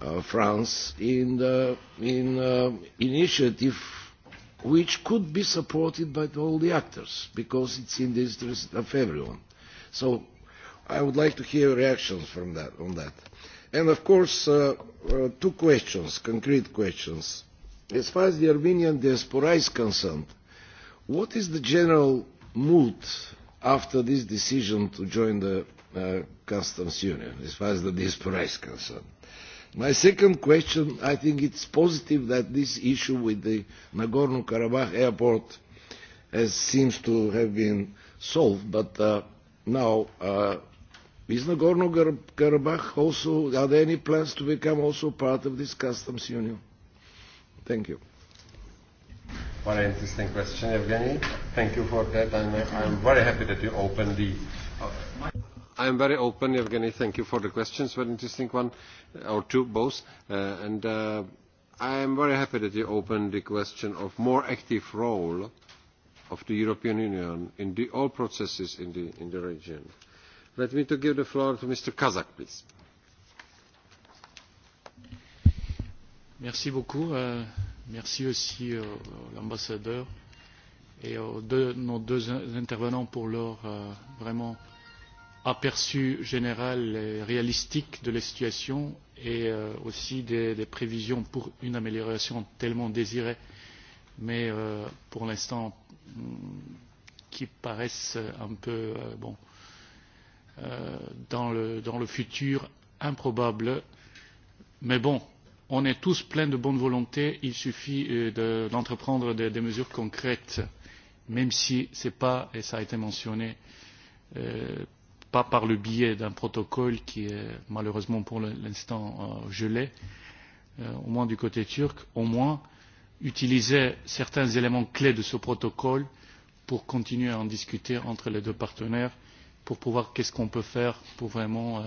uh, France in the in, uh, initiative which could be supported by all the actors because it's in the interest of everyone. So I would like to hear reactions from that, on that. And of course, uh, uh, two questions, concrete questions. As far as the Armenian diaspora is concerned, uh, What is the general mood after this decision to join the uh, customs union, as far as the diaspora is concerned? My second question, I think it's positive that this issue with the Nagorno-Karabakh airport has, seems to have been solved, but uh, now uh, is Nagorno-Karabakh also, are there any plans to become also part of this customs union? Thank you very interesting question, Evgeny. Thank you for that. I'm, I'm very happy that you opened the. I am very open, Evgeny. Thank you for the questions. Very interesting one, or two, both. Uh, and uh, I am very happy that you opened the question of more active role of the European Union in the, all processes in the, in the region. Let me to give the floor to Mr. Kazak, please. Merci beaucoup. Uh... Merci aussi à euh, l'ambassadeur et euh, nos deux intervenants pour leur euh, vraiment aperçu général et réalistique de la situation et euh, aussi des, des prévisions pour une amélioration tellement désirée, mais pour l'instant mm, qui paraissent un peu bon, dans, le, dans le futur improbable. Mais bon, on est tous pleins de bonne volonté il suffit euh, d'entreprendre des, mesures concrètes même si ce n'est pas et cela a été mentionné euh, par le biais d'un protocole qui est malheureusement pour l'instant euh, gelé au moins du côté turc au moins utiliser certains éléments clés de ce protocole pour continuer à en discuter entre les deux partenaires pour voir ce que qu'on peut faire pour vraiment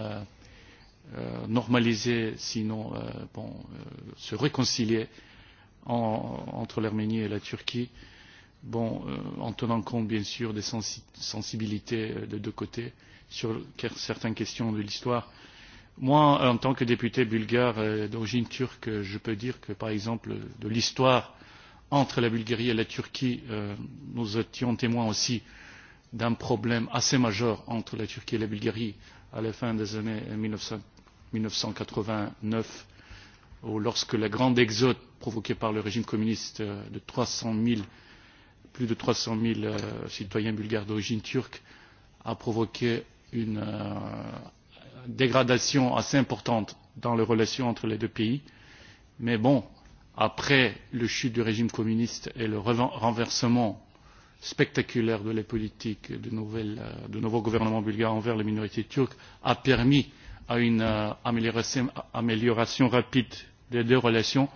euh, normaliser, sinon euh, bon, euh, se réconcilier en, entre l'Arménie et la Turquie, bon, euh, en tenant compte bien sûr des sensi sensibilités euh, des deux côtés sur certaines questions de l'histoire. Moi, en tant que député bulgare euh, d'origine turque, je peux dire que par exemple de l'histoire entre la Bulgarie et la Turquie, euh, nous étions témoins aussi d'un problème assez majeur entre la Turquie et la Bulgarie à la fin des années 1950 mille neuf cent quatre vingt neuf lorsque le grand exode provoqué par le régime communiste euh, de plus de trois cents zéro euh, citoyens bulgares d'origine turque a provoqué une euh, dégradation assez importante dans les relations entre les deux pays mais bon après la chute du régime communiste et le renversement spectaculaire de la politique du nouveau gouvernement bulgare envers les minorités turques a permis à une euh, amélioration, rapide des deux relations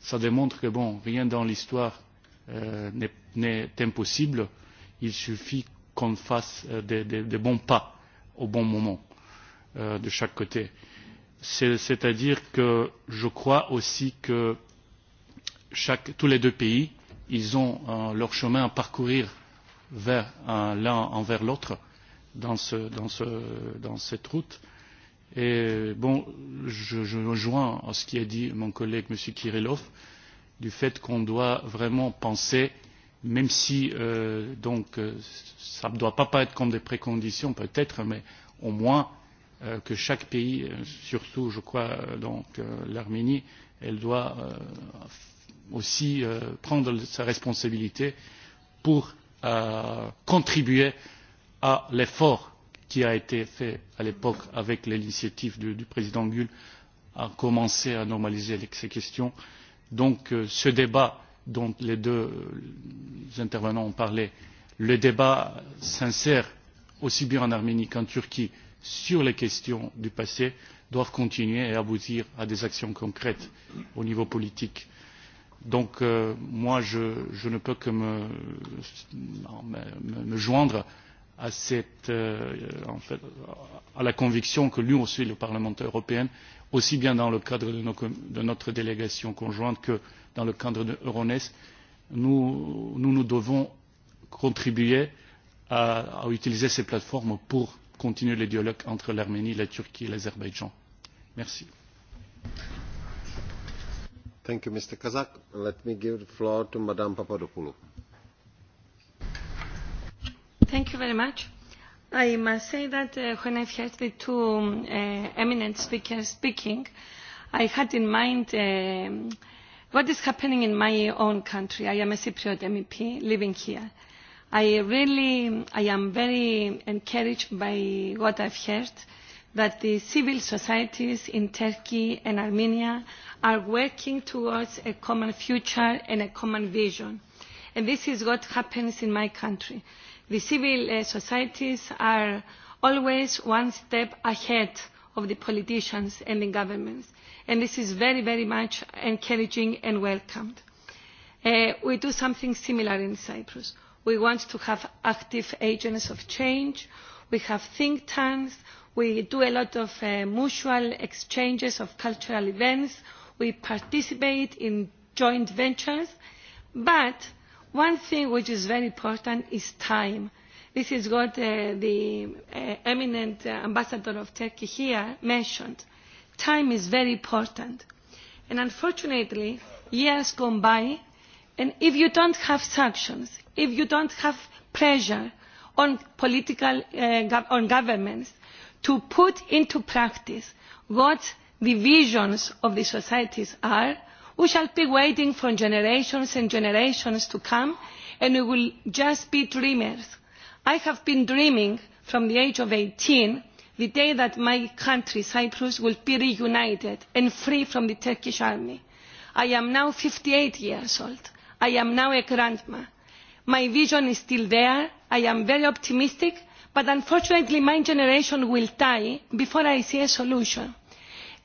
cela démontre que rien dans l'histoire euh, n'est impossible il suffit qu'on fasse euh, de, bons pas au bon moment de chaque côté. c'est à dire que je crois aussi que tous les deux pays ont leur chemin à parcourir l'un envers l'autre dans cette route et bon, je, je rejoins ce qu'a dit mon collègue M. Kirillov du fait qu'on doit vraiment penser, même si euh, donc, euh, ça ne doit pas, pas être comme des préconditions peut-être, mais au moins euh, que chaque pays, euh, surtout je crois euh, donc euh, l'Arménie, elle doit euh, aussi euh, prendre sa responsabilité pour euh, contribuer à l'effort qui a été fait à l'époque avec l'initiative du président gül a commencé à normaliser ces questions. donc euh, ce débat dont les deux euh, intervenants ont parlé le débat sincère aussi bien en arménie qu'en turquie sur les questions du passé doit continuer et aboutir à des actions concrètes au niveau politique. donc euh, moi je, ne peux que me joindre à, cette, euh, en fait, à la conviction que nous aussi, le Parlement européen, aussi bien dans le cadre de, nos, de notre délégation conjointe que dans le cadre de Euronest, nous nous, nous devons contribuer à, à utiliser ces plateformes pour continuer les dialogues entre l'Arménie, la Turquie et l'Azerbaïdjan. Merci. Thank you, Mr. Kazak. Let me give the floor to Madame Papadopoulou you very much. I must say that uh, when I've heard the two uh, eminent speakers speaking, I had in mind um, what is happening in my own country. I am a Cypriot MEP living here. I really, I am very encouraged by what I've heard, that the civil societies in Turkey and Armenia are working towards a common future and a common vision. And this is what happens in my country the civil uh, societies are always one step ahead of the politicians and the governments. And this is very, very much encouraging and welcomed. Uh, we do something similar in Cyprus. We want to have active agents of change. We have think tanks. We do a lot of uh, mutual exchanges of cultural events. We participate in joint ventures. But one thing which is very important is time. this is what uh, the uh, eminent uh, ambassador of turkey here mentioned. time is very important and unfortunately years go by and if you do not have sanctions if you do not have pressure on political uh, gov on governments to put into practice what the visions of the societies are we shall be waiting for generations and generations to come and we will just be dreamers. i have been dreaming from the age of eighteen of the day that my country cyprus will be reunited and free from the turkish army. i am now fifty eight years old. i am now a grandma. my vision is still there. i am very optimistic but unfortunately my generation will die before i see a solution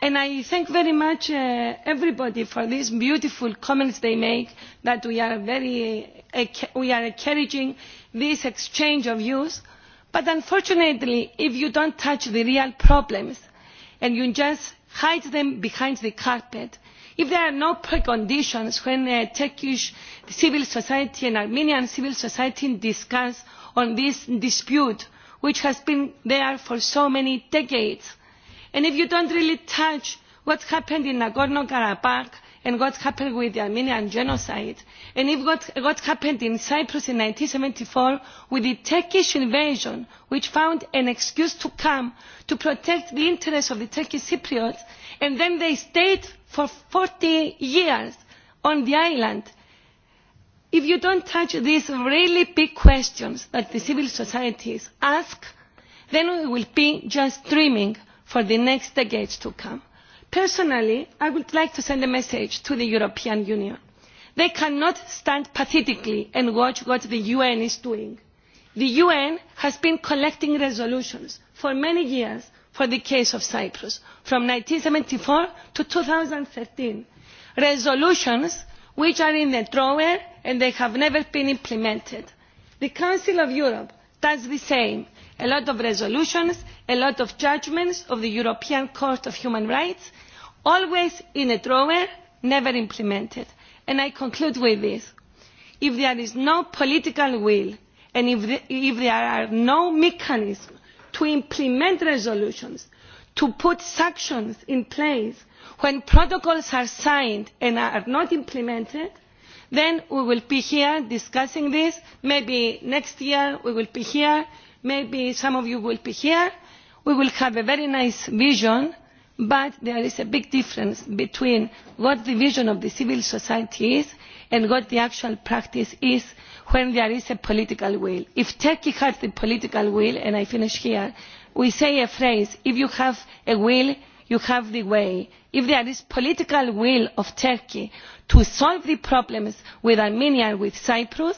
and i thank very much uh, everybody for these beautiful comments they make that uh, we are, encouraging this exchange of views but unfortunately if you do not touch the real problems and you just hide them behind the carpet if there are no preconditions when uh, turkish civil society and armenian civil society discuss this dispute which has been there for so many decades and if you do not really touch what happened in nagorno karabakh and what happened with the armenian genocide and if what, happened in cyprus in one thousand nine hundred and seventy four with the turkish invasion which found an excuse to come to protect the interests of the turkish cypriots and then they stayed for forty years on the island if you do not touch these really big questions that civil society asking then we will be just dreaming for the next decades to come. personally i would like to send a message to the european union they cannot stand pathetically and watch what the un is doing. the un has been collecting resolutions for many years for the case of cyprus from one thousand nine hundred and seventy four to two thousand and thirteen resolutions which are in the drawer and they have never been implemented. the council of europe does the same a lot of resolutions a lot of judgments of the european court of human rights always in a drawer never implemented. And i conclude with this if there is no political will and if, if there are no mechanisms to implement resolutions to put sanctions in place when protocols are signed and are not implemented then we will be here discussing this maybe next year we will be here maybe some of you will be here we will have a very nice vision but there is a big difference between what the vision of civil society is and what the actual practice is when there is a political will. if turkey has the political will and i finish here we say a phrase if you have a will you have the way. if there is political will of turkey to solve the problems with armenia and with cyprus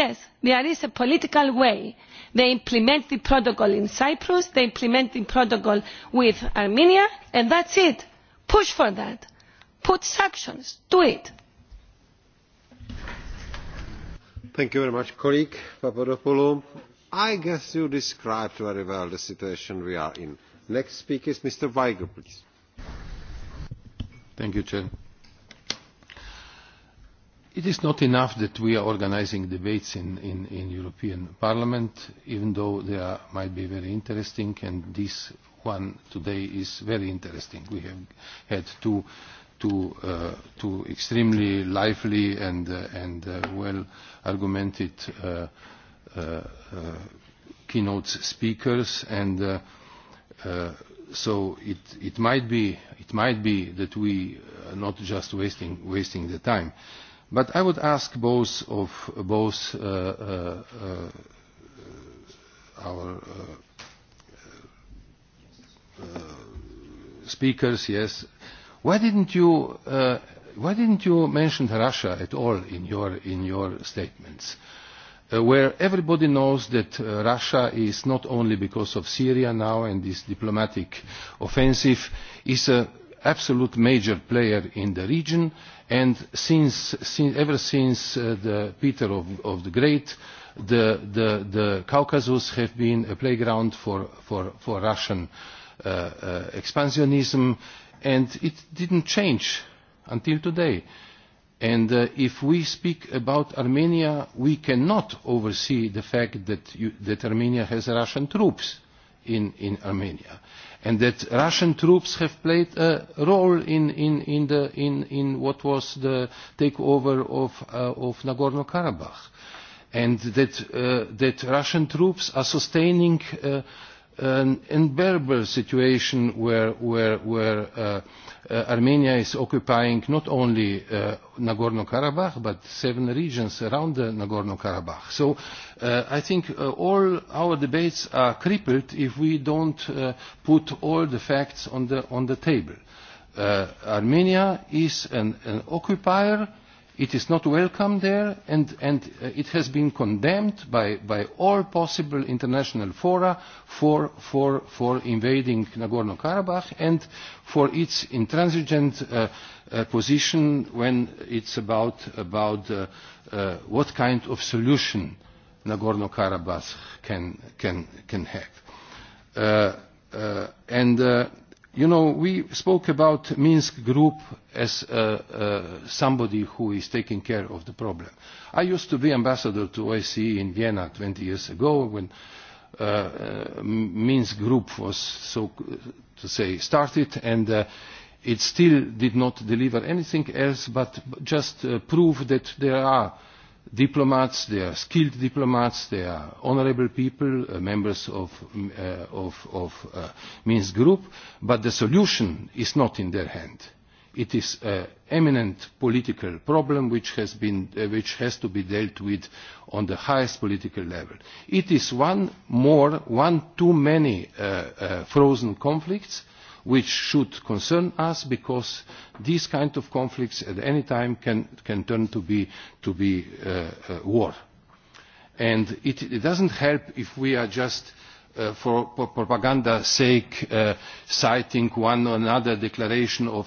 yes there is a political way they implement the protocol in cyprus they implement the protocol with armenia and that is it. push for that put sanctions do it. i guess you described very well the situation we are in. next speaker is mr vajgl please. It is not enough that we are organising debates in, the European Parliament, even though they might be very interesting, and this one today is very interesting. We have had two, uh, extremely lively and, uh, uh, well argumented keynote speakers, and so it, might be, that we are not just wasting, the time. But I would ask both of both uh, uh, uh our uh, uh, speakers, yes, why didn't you uh, why didn't you mention Russia at all in your in your statements? Uh, where everybody knows that uh, Russia is not only because of Syria now and this diplomatic offensive, is a absolute major player in the region and since, since, ever since uh, the peter of, of the great the, the, the caucasus have been a playground for, for, for russian uh, uh, expansionism and it didn't change until today. And uh, if we speak about Armenia, we cannot oversee the fact that, you, that Armenia has Russian troops in, in Armenia and that Russian troops have played a role in, in, in, the, in, in what was the takeover of, uh, of Nagorno-Karabakh, and that, uh, that Russian troops are sustaining uh, an unbearable situation where, where, where uh, uh, Armenia is occupying not only uh, Nagorno-Karabakh but seven regions around uh, Nagorno-Karabakh. So uh, I think uh, all our debates are crippled if we don't uh, put all the facts on the, on the table. Uh, Armenia is an, an occupier It is not welcome there, and, and uh, it has been condemned by, by all possible international fora for, for, for invading Nagorno-Karabakh and for its intransigent uh, uh, position when it's about, about uh, uh, what kind of solution Nagorno-Karabakh can, can, can have. Uh, uh, and uh, You know, we spoke about Minsk Group as uh, uh, somebody who is taking care of the problem. I used to be ambassador to OSCE in Vienna 20 years ago when uh, uh, Minsk Group was, so uh, to say, started, and uh, it still did not deliver anything else but just uh, prove that there are diplomats, they are skilled diplomats, they are honourable people, uh, members of, uh, of, of uh, Minsk group, but the solution is not in their hand. It is an eminent political problem which has, been, uh, which has to be dealt with on the highest political level. It is one more, one too many uh, uh, frozen conflicts which should concern us because these kinds of conflicts at any time can, turn to be, to be uh, uh, war. And it, does doesn't help if we are just uh, for propaganda's sake citing one or another declaration of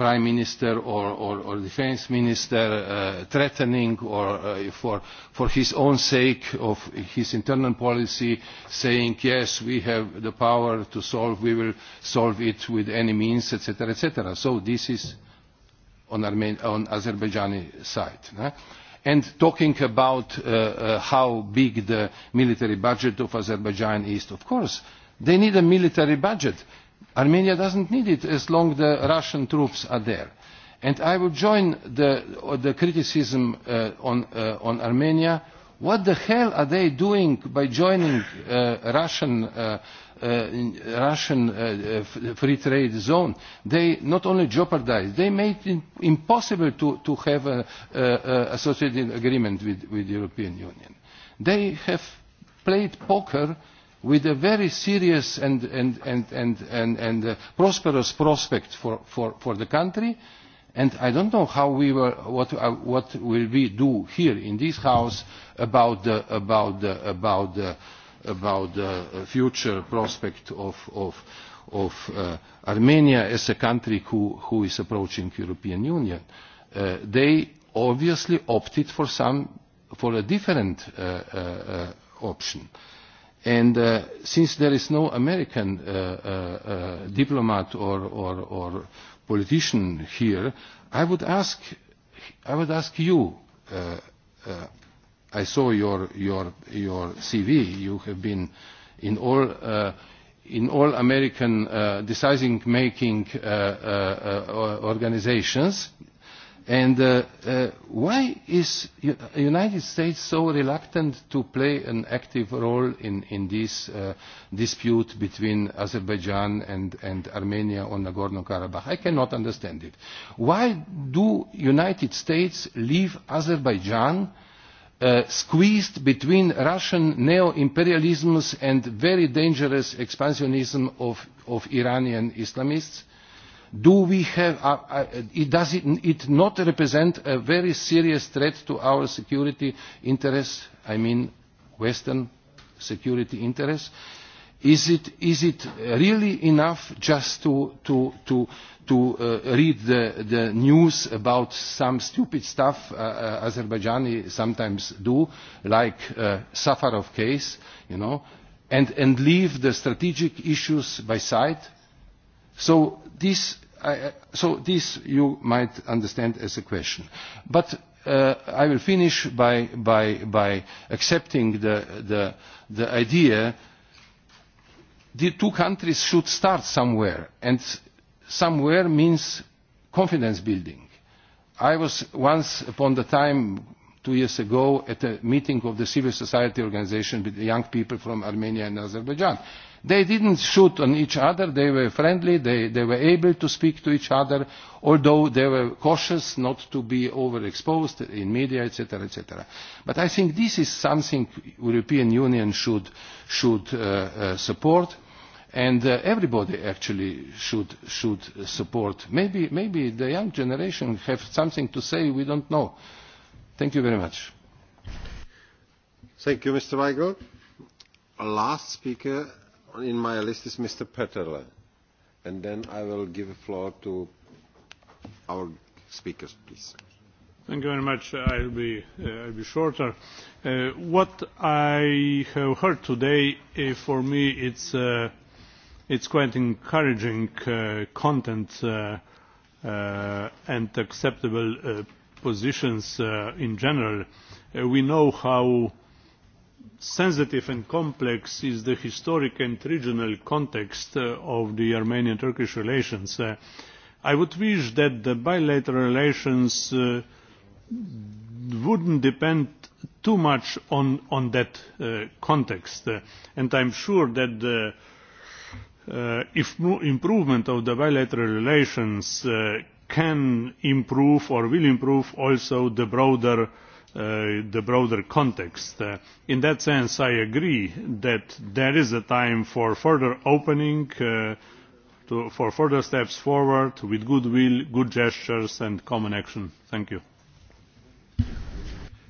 prime minister or, or, or defense minister uh, threatening or uh, for, for his own sake of his internal policy saying yes we have the power to solve we will solve it with any means etc etc so this is on, Armen on Azerbaijani side and talking about uh, uh, how big the military budget of Azerbaijan is of course they need a military budget Armenia doesn't need it as long as the Russian troops are there. And I would join the, the criticism uh, on, uh, on Armenia. What the hell are they doing by joining uh, Russian, uh, uh, Russian uh, uh free trade zone? They not only jeopardized, they made it impossible to, to have an uh, uh, associated agreement with, with the European Union. They have played poker uh, with a very serious and, and, and, and, and, and uh, prosperous prospect for, for, for the country. And I don't know how we were, what, uh, what will we do here in this house about the, about the, about the, about the uh, future prospect of, of, of uh, Armenia as a country who, who is approaching European Union. Uh, they obviously opted for some, for a different uh, uh, uh option. Uh, And uh, since there is no American uh, uh, uh, diplomat or, or, or politician here, I would ask, I would ask you. Uh, uh, I saw your your your CV. You have been in all uh, in all American uh, decision-making uh, uh, uh, organizations, And uh, uh, why is the United States so reluctant to play an active role in, in this uh, dispute between Azerbaijan and, and Armenia on Nagorno-Karabakh? I cannot understand it. Why do United States leave Azerbaijan uh, squeezed between Russian neo imperialism and very dangerous expansionism of, of Iranian Islamists? do we have does it, not represent a very serious threat to our security interests i mean western security interests is it really enough just to uh, read the news about some stupid stuff uh, uh, Azerbaijanis sometimes do like the safarov case you know and and leave the strategic issues by side So this, I, so this you might understand as a question. But uh, I will finish by, by, by accepting the, the, the idea the two countries should start somewhere, and somewhere means confidence building. I was once upon the time two years ago at a meeting of the civil society organization with the young people from Armenia and Azerbaijan. They did not shoot at each other. They were friendly. They, were able to speak to each other, although they were cautious not to be overexposed in the media, etc., But I think this is something the European Union should, uh, uh, support and uh, everybody actually should support maybe the young generation have something to say we do not know thank you very much thank you mr weigel last speaker in my list is Mr. Peterle, and then I will give the floor to our speakers, please. Thank you very much. I'll be, uh, I'll be shorter. Uh, what I have heard today, uh, for me, it's, uh, it's quite encouraging uh, content uh, uh, and acceptable uh, positions uh, in general. Uh, we know how sensitive and complex is the historic and regional context uh, of the armenian turkish relations. Uh, i would wish that the bilateral relations uh, would not depend too much on, on that context and i am sure that the uh, improvement of the bilateral relations can improve or will improve also the broader Uh, the broader context. Uh, in that sense i agree that there is a time for further opening uh, for further steps forward with goodwill good gestures and common action. thank you.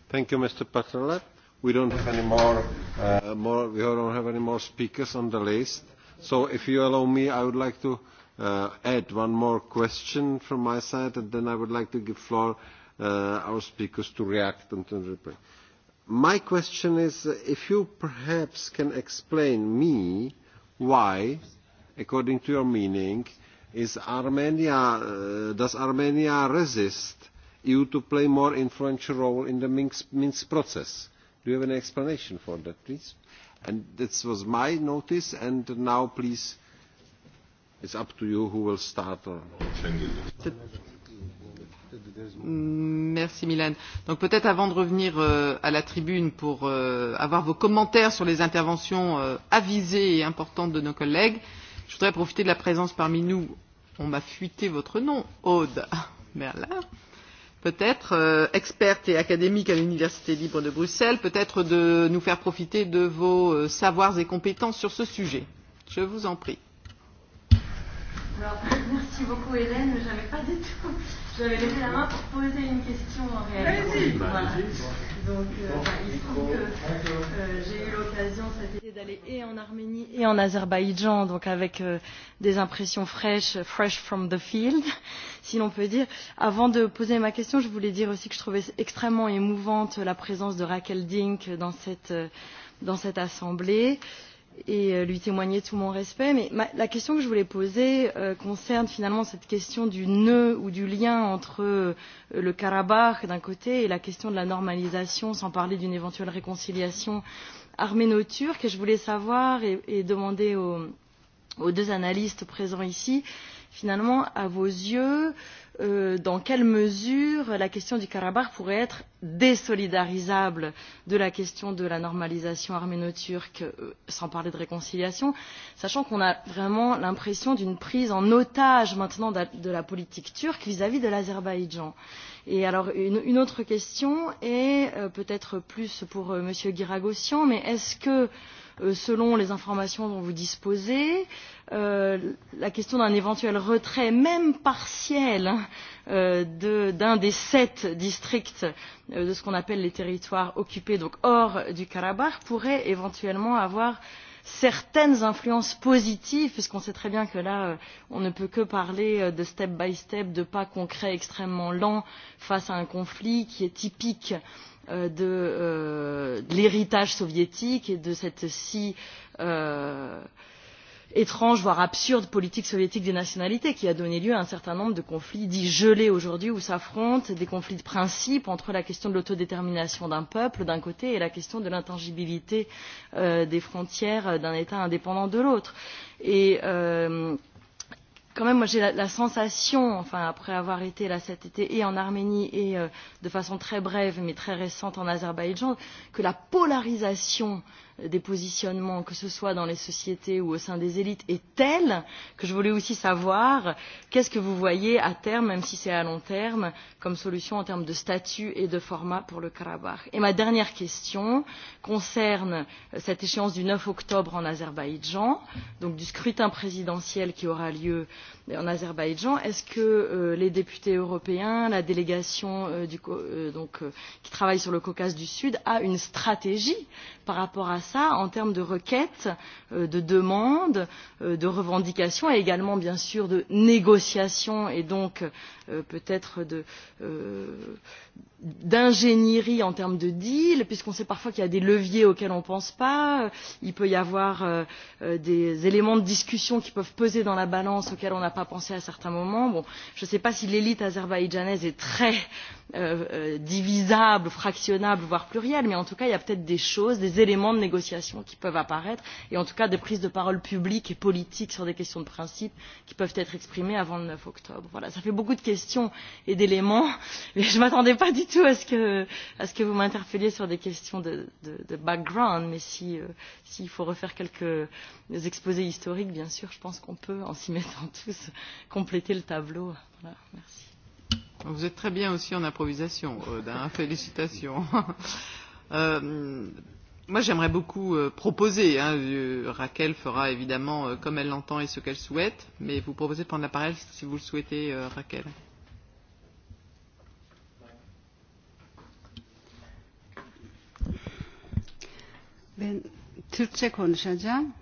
thank you mr petrle. we don't have any more, more we don't have any more speakers on the list so if you allow me i would like to add one more question from my side and then i would like to give floor Uh, our speakers to react and to reply. My question is uh, if you perhaps can explain me why, according to your meaning, is Armenia, uh, does Armenia resist EU to play more influential role in the Minsk, Minsk process? Do you have an explanation for that, please? And this was my notice, and now please, it's up to you who will start. Or... Mm, merci Mylène. Donc peut-être avant de revenir euh, à la tribune pour euh, avoir vos commentaires sur les interventions euh, avisées et importantes de nos collègues, je voudrais profiter de la présence parmi nous, on m'a fuité votre nom, Aude *laughs* Merlin, peut-être euh, experte et académique à l'Université libre de Bruxelles, peut-être de nous faire profiter de vos euh, savoirs et compétences sur ce sujet. Je vous en prie. Well Merci beaucoup Hélène, j'avais pas du tout. J'avais levé la main pour poser une question en réalité. Allez-y. Voilà. Donc euh, enfin, il se trouve que euh, j'ai eu l'occasion cet été d'aller et en Arménie et en Azerbaïdjan, donc avec euh, des impressions fraîches, fresh from the field, *laughs* si l'on peut dire. Avant de poser ma question, je voulais dire aussi que je trouvais extrêmement émouvante la présence de Raquel Dink dans cette, euh, dans cette assemblée. Euh, et euh, lui témoigner tout mon respect. Mais ma, la question que je voulais poser euh, concerne finalement cette question du nœud ou du lien entre euh, le Karabakh d'un côté et la question de la normalisation, sans parler d'une éventuelle réconciliation arméno-turque. Et je voulais savoir et, et demander aux, aux deux analystes présents ici, finalement, à vos yeux, euh, Euh, dans quelle mesure la question du karabakh pourrait être désolidarisable de la question de la normalisation arméno turque euh, sans parler de réconciliation sachant qu'on a vraiment l'impression d'une prise en otage maintenant de la politique turque vis à vis de l'azerbaïdjan. Et alors une, une autre question est euh, peut être plus pour m. giragosyan mais est ce que euh, Euh, selon les informations dont vous disposez. Euh, la question d'un éventuel retrait, même partiel, euh, d'un des sept districts de ce qu'on appelle les territoires occupés, donc hors du Karabakh, pourrait éventuellement avoir certaines influences positives puisqu'on sait très bien que là on ne peut que parler de step by step de pas concrets extrêmement lents face à un conflit qui est typique Euh, de, euh, de l'héritage soviétique et de cette si euh, étrange voire absurde politique soviétique des nationalités qui a donné lieu à un certain nombre de conflits dits gelés aujourd'hui où s'affrontent des conflits de principe entre la question de l'autodétermination d'un peuple d'un côté et la question de l'intangibilité euh, des frontières d'un état indépendant de l'autre. et euh, quand même, moi j'ai la, la sensation, enfin après avoir été là cet été et en Arménie et euh, de façon très brève mais très récente en Azerbaïdjan, que la polarisation euh, des positionnements, que ce soit dans les sociétés ou au sein des élites, est telle que je voulais aussi savoir qu'est-ce que vous voyez à terme, même si c'est à long terme, comme solution en termes de statut et de format pour le Karabakh. Et ma dernière question concerne euh, cette échéance du 9 octobre en Azerbaïdjan, donc du scrutin présidentiel qui aura lieu euh, en Azerbaïdjan. Est-ce que euh, les députés européens, la délégation euh, du, euh, donc, euh, qui travaille sur le Caucase du Sud, a une stratégie par rapport à ça en termes de requêtes, euh, de demandes, euh, de revendications et également bien sûr de négociations et donc euh, peut-être de, euh, d'ingénierie en termes de deal puisqu'on sait parfois qu'il y a des leviers auxquels on ne pense pas il peut y avoir euh, euh, des éléments de discussion qui peuvent peser dans la balance auxquels on n'a pas pensé à certains moments. Bon, je ne sais pas si l'élite azerbaïdjanaise est très euh, euh, divisable fractionnable voire plurielle mais en tout cas il y a peut être des choses des éléments de négociation qui peuvent apparaître et en tout cas des prises de parole publiques et politiques sur des questions de principe qui peuvent être exprimées avant le neuf octobre. voilà ça fait beaucoup de questions et d'éléments *laughs* mais je ne m'attendais pas pas du tout à ce que, à ce que vous m'interpelliez sur des questions de, de, de background, mais s'il si, euh, si faut refaire quelques exposés historiques, bien sûr, je pense qu'on peut, en s'y mettant *laughs* tous, compléter le tableau. Voilà, merci. Vous êtes très bien aussi en improvisation, Aude. Hein *laughs* Félicitations. euh, moi, j'aimerais beaucoup euh, proposer. Hein, euh, Raquel fera évidemment euh, comme elle l'entend et ce qu'elle souhaite, mais vous proposez de prendre la parole si vous le souhaitez, euh, Raquel. Euh, Ben Türkçe konuşacağım.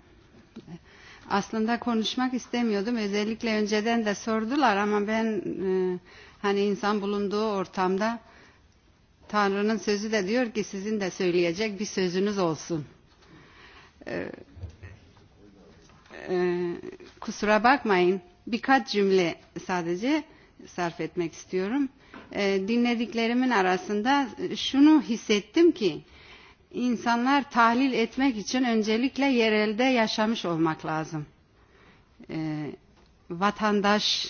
Aslında konuşmak istemiyordum. Özellikle önceden de sordular ama ben e, hani insan bulunduğu ortamda Tanrı'nın sözü de diyor ki sizin de söyleyecek bir sözünüz olsun. E, e, kusura bakmayın. Birkaç cümle sadece sarf etmek istiyorum. E, dinlediklerimin arasında şunu hissettim ki e, insanlar tahlil etmek için öncelikle yerelde yaşamış olmak lazım. E, vatandaş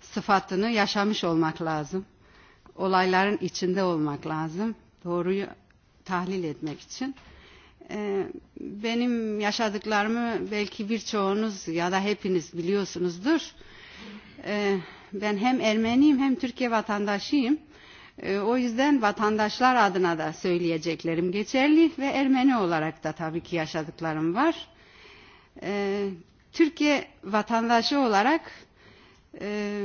sıfatını yaşamış olmak lazım. Olayların içinde olmak lazım. Doğruyu tahlil etmek için. E, benim yaşadıklarımı belki birçoğunuz ya da hepiniz biliyorsunuzdur. E, ben hem Ermeniyim hem Türkiye vatandaşıyım E, o yüzden vatandaşlar adına da söyleyeceklerim geçerli ve Ermeni olarak da tabii ki yaşadıklarım var. E, Türkiye vatandaşı olarak e,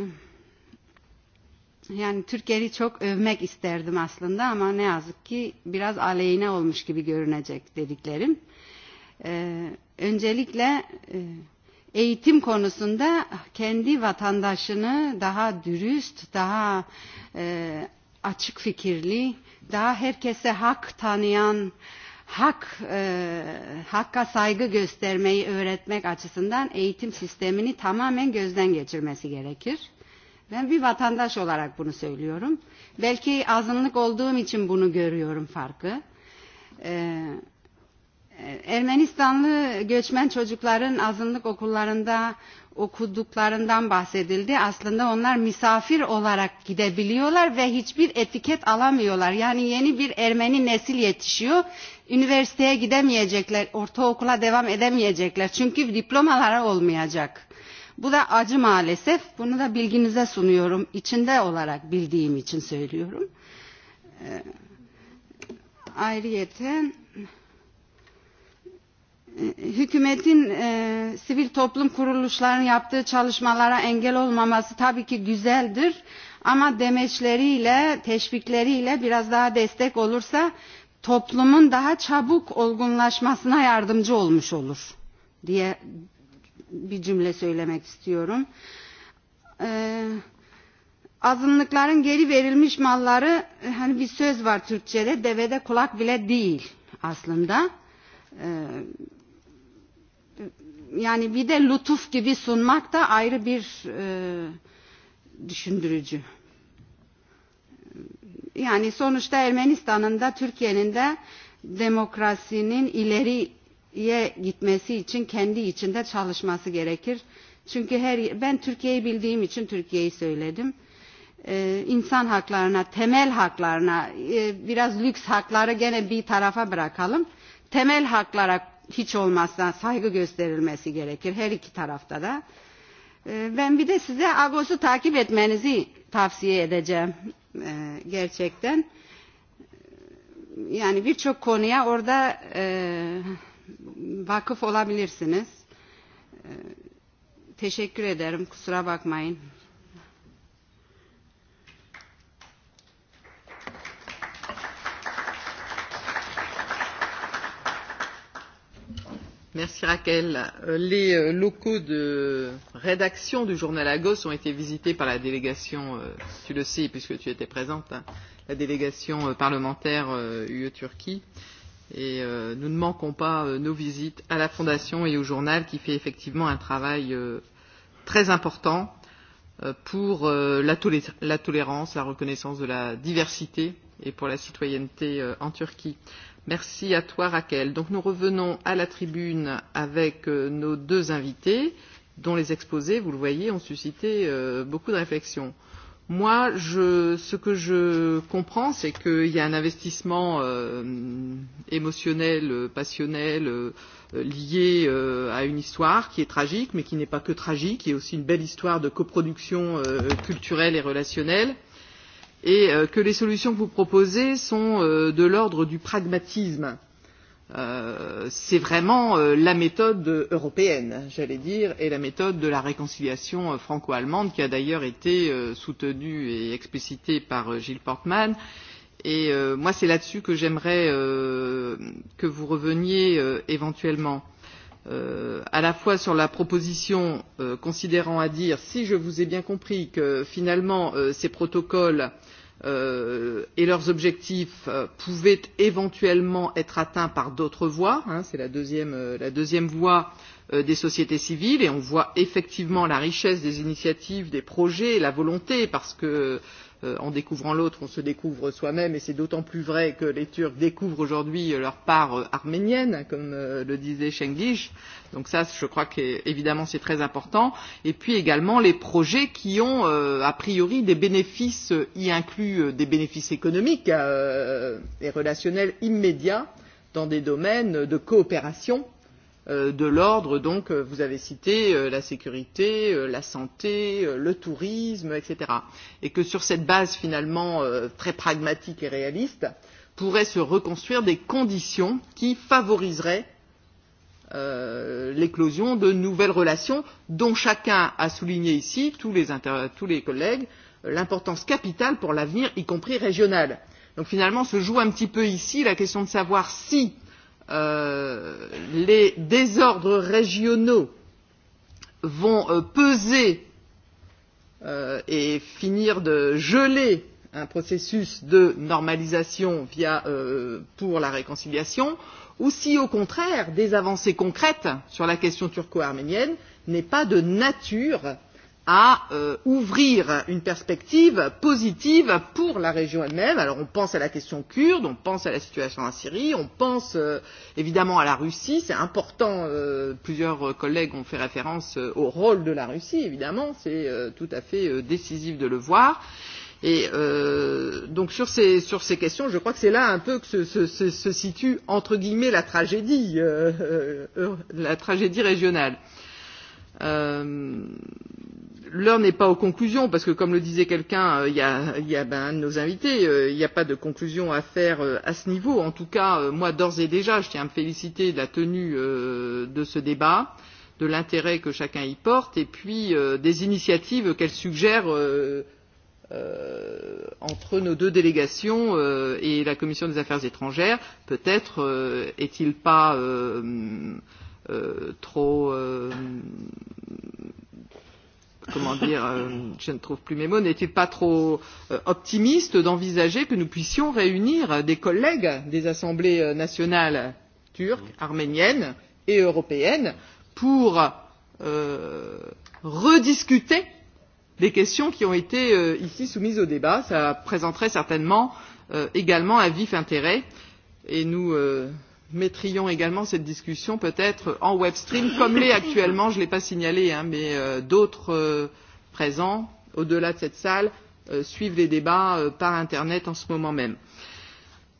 yani Türkiye'yi çok övmek isterdim aslında ama ne yazık ki biraz aleyhine olmuş gibi görünecek dediklerim. Öncelikle eğitim konusunda kendi vatandaşını daha dürüst, daha açık fikirli, daha herkese hak tanıyan, hak e, hakka saygı göstermeyi öğretmek açısından eğitim sistemini tamamen gözden geçirmesi gerekir. Ben bir vatandaş olarak bunu söylüyorum. Belki azınlık olduğum için bunu görüyorum farkı. Ee, e, Ermenistanlı göçmen çocukların azınlık okullarında okuduklarından bahsedildi. Aslında onlar misafir olarak gidebiliyorlar ve hiçbir etiket alamıyorlar. Yani yeni bir Ermeni nesil yetişiyor. Üniversiteye gidemeyecekler, ortaokula devam edemeyecekler. Çünkü diplomalara olmayacak. Bu da acı maalesef. Bunu da bilginize sunuyorum. İçinde olarak bildiğim için söylüyorum. Ee, Ayrıyeten hükümetin e, sivil toplum kuruluşlarının yaptığı çalışmalara engel olmaması tabii ki güzeldir ama demeçleriyle teşvikleriyle biraz daha destek olursa toplumun daha çabuk olgunlaşmasına yardımcı olmuş olur diye bir cümle söylemek istiyorum. Ee, azınlıkların geri verilmiş malları e, hani bir söz var Türkçe'de devede kulak bile değil aslında. Ee, yani bir de lütuf gibi sunmak da ayrı bir e, düşündürücü. Yani sonuçta Ermenistan'ın da Türkiye'nin de demokrasinin ileriye gitmesi için kendi içinde çalışması gerekir. Çünkü her ben Türkiye'yi bildiğim için Türkiye'yi söyledim. Ee, insan haklarına, temel haklarına, e, biraz lüks hakları gene bir tarafa bırakalım. Temel haklara hiç olmazsa saygı gösterilmesi gerekir her iki tarafta da. Ben bir de size Agos'u takip etmenizi tavsiye edeceğim e, gerçekten. Yani birçok konuya orada e, vakıf olabilirsiniz. E, teşekkür ederim. Kusura bakmayın. Merci Raquel. Euh, les euh, locaux de rédaction du journal Agos ont été visités par la délégation, euh, tu le sais puisque tu étais présente, la délégation parlementaire UE-Turquie. Et nous ne manquons pas nos visites à la Fondation et au journal qui fait effectivement un travail très important pour la, tolé la tolérance, la reconnaissance de la diversité et pour la citoyenneté en Turquie. Merci à toi Raquel. Donc nous revenons à la tribune avec euh, nos deux invités dont les exposés, vous le voyez, ont suscité euh, beaucoup de réflexions. Moi, je, ce que je comprends, c'est qu'il y a un investissement euh, émotionnel, passionnel, euh, lié euh, à une histoire qui est tragique, mais qui n'est pas que tragique, qui est aussi une belle histoire de coproduction euh, culturelle et relationnelle. Euh, et euh, que les solutions que vous proposez sont euh, de l'ordre du pragmatisme. Euh, c'est vraiment euh, la méthode européenne, j'allais dire, et la méthode de la réconciliation euh, franco-allemande qui a d'ailleurs été euh, soutenue et explicitée par euh, Gilles Portman. Et euh, moi, c'est là-dessus que j'aimerais euh, que vous reveniez euh, éventuellement. Euh, à la fois sur la proposition euh, considérant à dire si je vous ai bien compris que finalement euh, ces protocoles euh, et leurs objectifs euh, pouvaient éventuellement être atteints par d'autres voies, hein, c'est la deuxième, euh, la deuxième voie euh, des sociétés civiles, et on voit effectivement la richesse des initiatives, des projets, la volonté, parce que euh, euh, en découvrant l'autre, on se découvre soi-même, et c'est d'autant plus vrai que les Turcs découvrent aujourd'hui euh, leur part euh, arménienne, comme euh, le disait Chengiz. Donc ça, je crois qu'évidemment, c'est très important. Et puis également les projets qui ont, euh, a priori, des bénéfices, euh, y inclus euh, des bénéfices économiques euh, et relationnels immédiats dans des domaines de coopération Euh, de l'ordre donc euh, vous avez cité euh, la sécurité la santé le tourisme etc. et que sur cette base finalement très pragmatique et réaliste pourraient se reconstruire des conditions qui favoriseraient euh, l'éclosion de nouvelles relations dont chacun a souligné ici tous les, tous les collègues l'importance capitale pour l'avenir y compris régional. donc finalement se joue un petit peu ici la question de savoir si euh, Euh, les désordres régionaux vont euh, peser euh, et finir de geler un processus de normalisation via, euh, pour la réconciliation, ou si au contraire des avancées concrètes sur la question turco-arménienne n'est pas de nature à euh, ouvrir une perspective positive pour la région elle-même. Alors on pense à la question kurde, on pense à la situation en Syrie, on pense euh, évidemment à la Russie, c'est important, euh, plusieurs collègues ont fait référence euh, au rôle de la Russie, évidemment, c'est euh, tout à fait euh, décisif de le voir. Et euh, donc sur ces, sur ces questions, je crois que c'est là un peu que se, se, se, se situe entre guillemets la tragédie, euh, euh, la tragédie régionale. Euh, l'heure n'est pas aux conclusions parce que comme le disait quelqu'un euh, il y a, y a ben, un de nos invités euh, il n'y a pas de conclusion à faire euh, à ce niveau en tout cas moi d'ores et déjà je tiens à me féliciter de la tenue de ce débat de l'intérêt que chacun y porte et puis des initiatives qu'elle suggère euh, entre nos deux délégations euh, et la commission des affaires étrangères. Peut-être euh, est-il pas euh, euh, trop euh, comment dire, euh, je ne trouve plus mes mots, n'était pas trop euh, optimiste d'envisager que nous puissions réunir des collègues des assemblées euh, nationales turques, arméniennes et européennes pour euh, rediscuter des questions qui ont été euh, ici soumises au débat. Ça présenterait certainement euh, également un vif intérêt et nous euh, mettrions également cette discussion peut être en web stream comme l'est actuellement je ne l'ai pas signalé hein, mais euh, d'autres euh, présents au delà de cette salle euh, suivent les débats euh, par internet en ce moment même.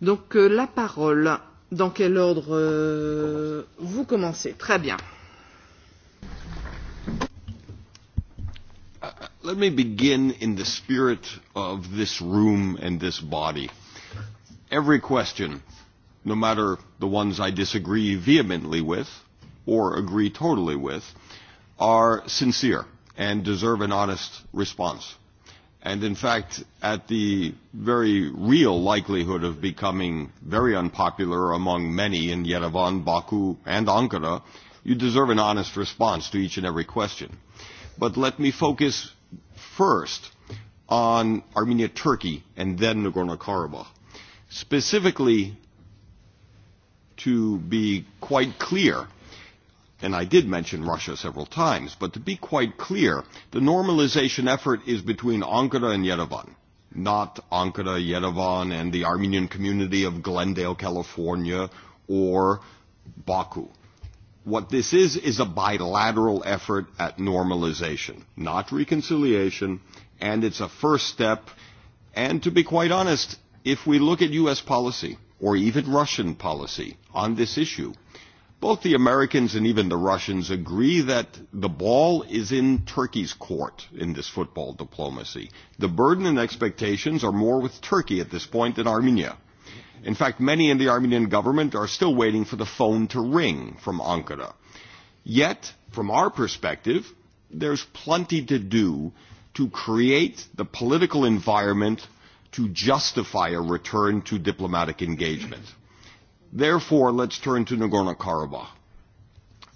Donc euh, la parole dans quel ordre euh, vous commencez Très bien. Uh, let me begin in the spirit of this room and this body. Every question no matter the ones I disagree vehemently with or agree totally with, are sincere and deserve an honest response. And in fact, at the very real likelihood of becoming very unpopular among many in Yerevan, Baku, and Ankara, you deserve an honest response to each and every question. But let me focus first on Armenia, Turkey, and then Nagorno-Karabakh. Specifically, to be quite clear, and I did mention Russia several times, but to be quite clear, the normalization effort is between Ankara and Yerevan, not Ankara, Yerevan, and the Armenian community of Glendale, California, or Baku. What this is, is a bilateral effort at normalization, not reconciliation, and it's a first step. And to be quite honest, if we look at U.S. policy, or even Russian policy on this issue. Both the Americans and even the Russians agree that the ball is in Turkey's court in this football diplomacy. The burden and expectations are more with Turkey at this point than Armenia. In fact, many in the Armenian government are still waiting for the phone to ring from Ankara. Yet, from our perspective, there's plenty to do to create the political environment to justify a return to diplomatic engagement. Therefore, let's turn to Nagorno-Karabakh.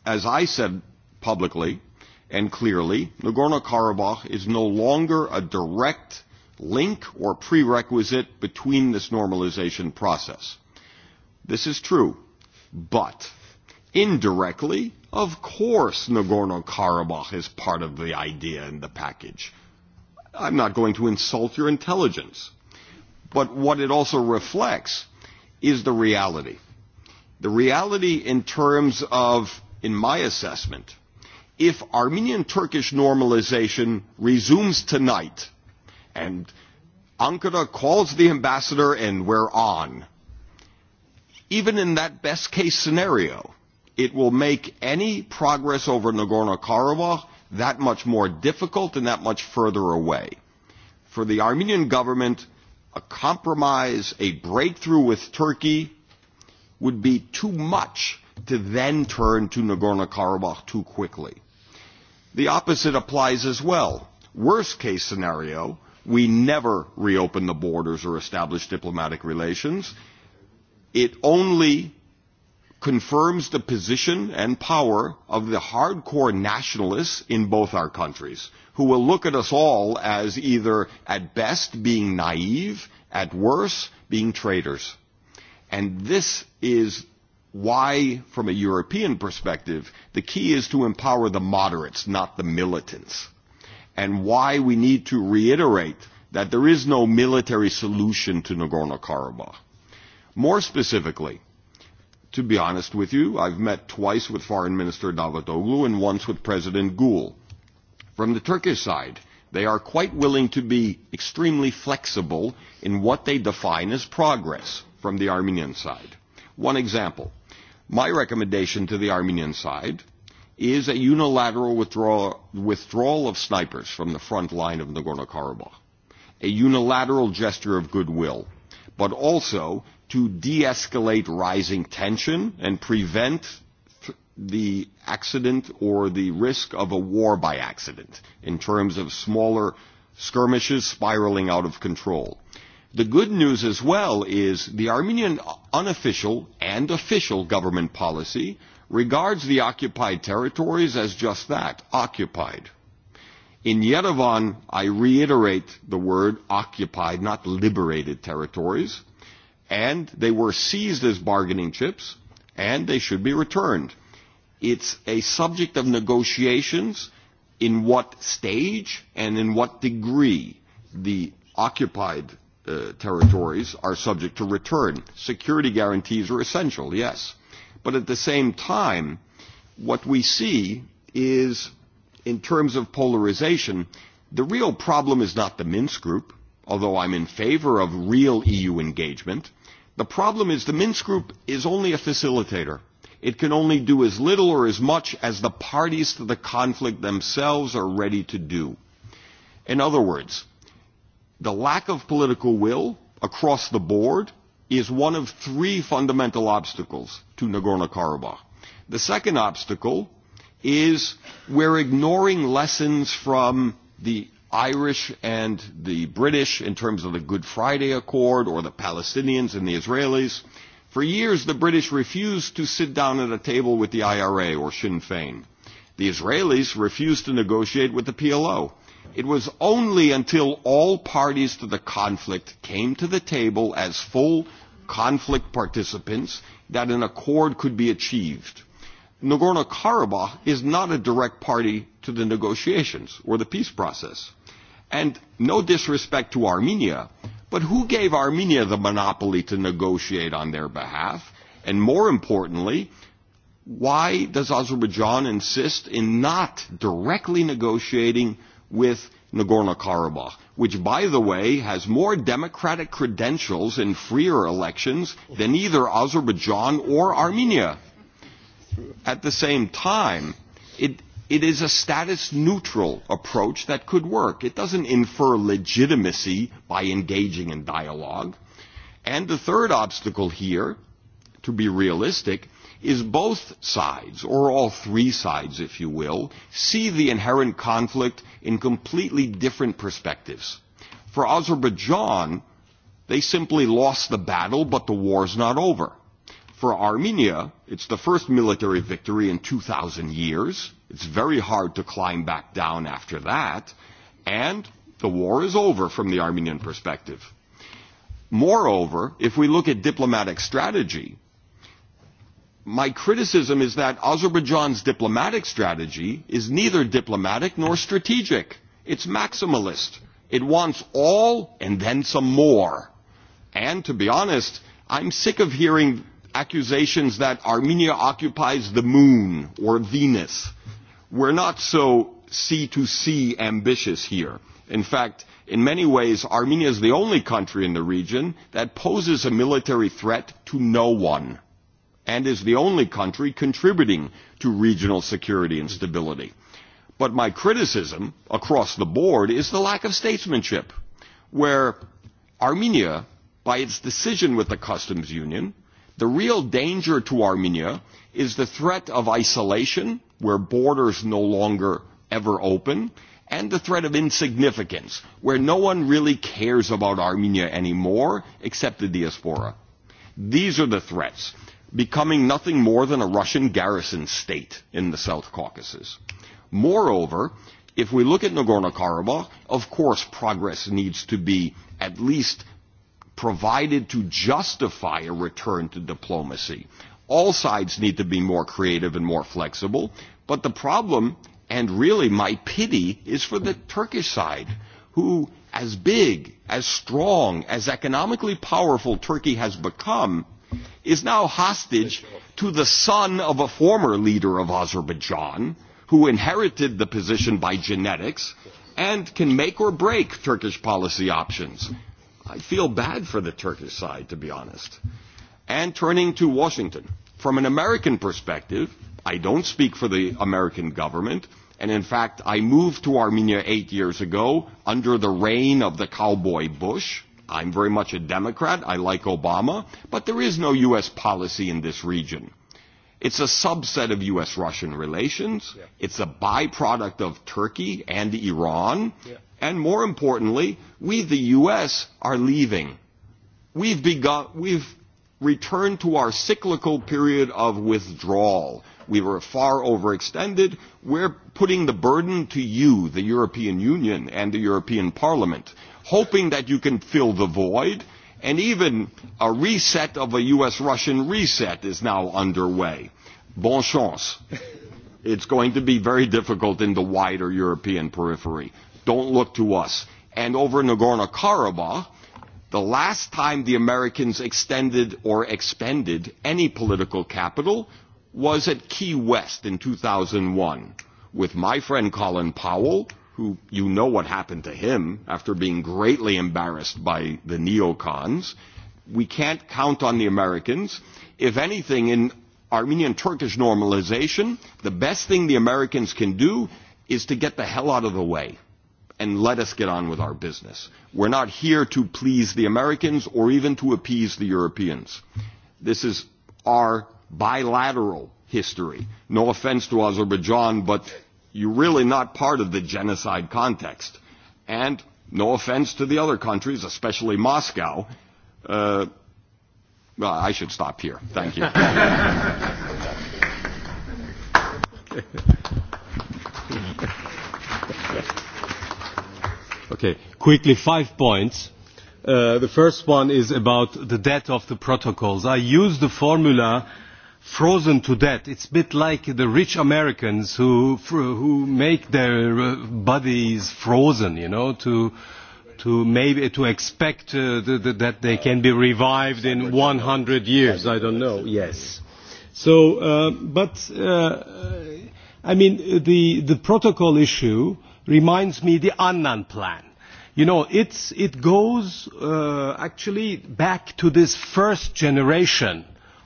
As I said publicly and clearly, Nagorno-Karabakh is no longer a direct link or prerequisite between this normalization process. This is true, but indirectly, of course, Nagorno-Karabakh is part of the idea in the package. I'm not going to insult your intelligence. But what it also reflects is the reality. The reality in terms of, in my assessment, if Armenian-Turkish normalization resumes tonight and Ankara calls the ambassador and we're on, even in that best case scenario, it will make any progress over Nagorno-Karabakh that much more difficult and that much further away. For the Armenian government, a compromise, a breakthrough with Turkey would be too much to then turn to Nagorno-Karabakh too quickly. The opposite applies as well. Worst case scenario, we never reopen the borders or establish diplomatic relations. It only confirms the position and power of the hardcore nationalists in both our countries, who will look at us all as either at best being naive, at worst being traitors. And this is why, from a European perspective, the key is to empower the moderates, not the militants. And why we need to reiterate that there is no military solution to Nagorno-Karabakh. More specifically, to be honest with you, I've met twice with Foreign Minister Davutoglu and once with President Gül. From the Turkish side, they are quite willing to be extremely flexible in what they define as progress from the Armenian side. One example. My recommendation to the Armenian side is a unilateral withdrawal, withdrawal of snipers from the front line of Nagorno-Karabakh, a unilateral gesture of goodwill but also to de-escalate rising tension and prevent the accident or the risk of a war by accident in terms of smaller skirmishes spiraling out of control. The good news as well is the Armenian unofficial and official government policy regards the occupied territories as just that, occupied In Yerevan, I reiterate the word occupied, not liberated territories, and they were seized as bargaining chips, and they should be returned. It's a subject of negotiations in what stage and in what degree the occupied uh, territories are subject to return. Security guarantees are essential, yes. But at the same time, what we see is in terms of polarization, the real problem is not the Minsk group, although I'm in favor of real EU engagement. The problem is the Minsk group is only a facilitator. It can only do as little or as much as the parties to the conflict themselves are ready to do. In other words, the lack of political will across the board is one of three fundamental obstacles to Nagorno-Karabakh. The second obstacle is we're ignoring lessons from the Irish and the British in terms of the Good Friday Accord or the Palestinians and the Israelis. For years, the British refused to sit down at a table with the IRA or Sinn Féin. The Israelis refused to negotiate with the PLO. It was only until all parties to the conflict came to the table as full conflict participants that an accord could be achieved. Nagorno-Karabakh is not a direct party to the negotiations or the peace process. And no disrespect to Armenia, but who gave Armenia the monopoly to negotiate on their behalf? And more importantly, why does Azerbaijan insist in not directly negotiating with Nagorno-Karabakh, which, by the way, has more democratic credentials and freer elections than either Azerbaijan or Armenia? at the same time, it, it is a status neutral approach that could work. It doesn't infer legitimacy by engaging in dialogue. And the third obstacle here, to be realistic, is both sides, or all three sides, if you will, see the inherent conflict in completely different perspectives. For Azerbaijan, they simply lost the battle, but the war's not over. For Armenia, it's the first military victory in 2,000 years. It's very hard to climb back down after that. And the war is over from the Armenian perspective. Moreover, if we look at diplomatic strategy, my criticism is that Azerbaijan's diplomatic strategy is neither diplomatic nor strategic. It's maximalist. It wants all and then some more. And to be honest, I'm sick of hearing accusations that Armenia occupies the moon or Venus. We're not so sea-to-sea ambitious here. In fact, in many ways, Armenia is the only country in the region that poses a military threat to no one and is the only country contributing to regional security and stability. But my criticism across the board is the lack of statesmanship, where Armenia, by its decision with the customs union, The real danger to Armenia is the threat of isolation, where borders no longer ever open, and the threat of insignificance, where no one really cares about Armenia anymore except the diaspora. These are the threats, becoming nothing more than a Russian garrison state in the South Caucasus. Moreover, if we look at Nagorno-Karabakh, of course progress needs to be at least provided to justify a return to diplomacy. All sides need to be more creative and more flexible, but the problem, and really my pity, is for the Turkish side, who, as big, as strong, as economically powerful Turkey has become, is now hostage to the son of a former leader of Azerbaijan, who inherited the position by genetics, and can make or break Turkish policy options. I feel bad for the Turkish side, to be honest. And turning to Washington. From an American perspective, I don't speak for the American government. And in fact, I moved to Armenia eight years ago under the reign of the cowboy Bush. I'm very much a Democrat. I like Obama. But there is no U.S. policy in this region. It's a subset of U.S. Russian relations. Yeah. It's a byproduct of Turkey and Iran. Yeah. And more importantly, we, the U.S., are leaving. We've, begun, we've returned to our cyclical period of withdrawal. We were far overextended. We're putting the burden to you, the European Union and the European Parliament, hoping that you can fill the void. And even a reset of a U.S.-Russian reset is now underway. Bon chance. it's going to be very difficult in the wider European periphery. Don't look to us. And over Nagorno-Karabakh, the last time the Americans extended or expended any political capital was at Key West in 2001 with my friend Colin Powell, who you know what happened to him after being greatly embarrassed by the neocons. We can't count on the Americans. If anything, in Armenian Turkish normalization, the best thing the Americans can do is to get the hell out of the way and let us get on with our business. We're not here to please the Americans or even to appease the Europeans. This is our bilateral history. No offense to Azerbaijan, but you're really not part of the genocide context. And no offense to the other countries, especially Moscow. Uh, well, I should stop here. Thank you. okay. *laughs* Okay, quickly, five points. Uh, the first one is about the debt of the protocols. I use the formula frozen to debt". It's a bit like the rich Americans who, who make their uh, bodies frozen, you know, to, to maybe to expect uh, the, the, that they can be revived in 100 years. I don't know. Yes. So, uh, but uh, I mean, the the protocol issue reminds me the Annan plan. You know, it's, it goes uh, actually back to this first generation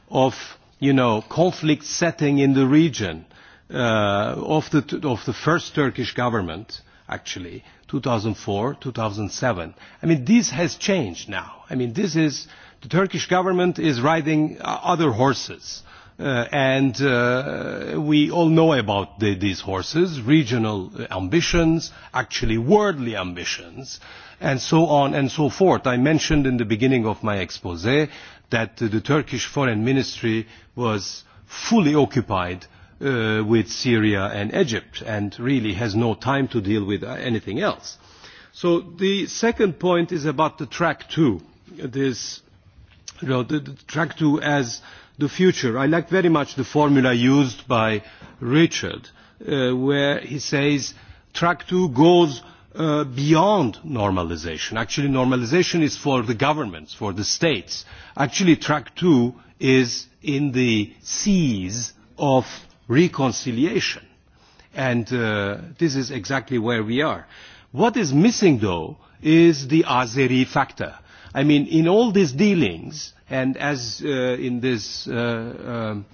of, you know, conflict setting in the region uh, of, the, of the first Turkish government, actually, 2004, 2007. I mean, this has changed now. I mean, this is, the Turkish government is riding uh, other horses Uh, and uh, we all know about the, these horses, regional ambitions, actually worldly ambitions, and so on and so forth. I mentioned in the beginning of my expose that the Turkish foreign ministry was fully occupied uh, with Syria and Egypt and really has no time to deal with uh, anything else. So the second point is about the track two. This, you know, the, the track two as the future. I like very much the formula used by Richard, uh, where he says track two goes uh, beyond normalization. Actually, normalization is for the governments, for the states. Actually, track two is in the seas of reconciliation. And uh, this is exactly where we are. What is missing, though, is the Azeri factor. I mean, in all these dealings, And as uh, in this uh, um,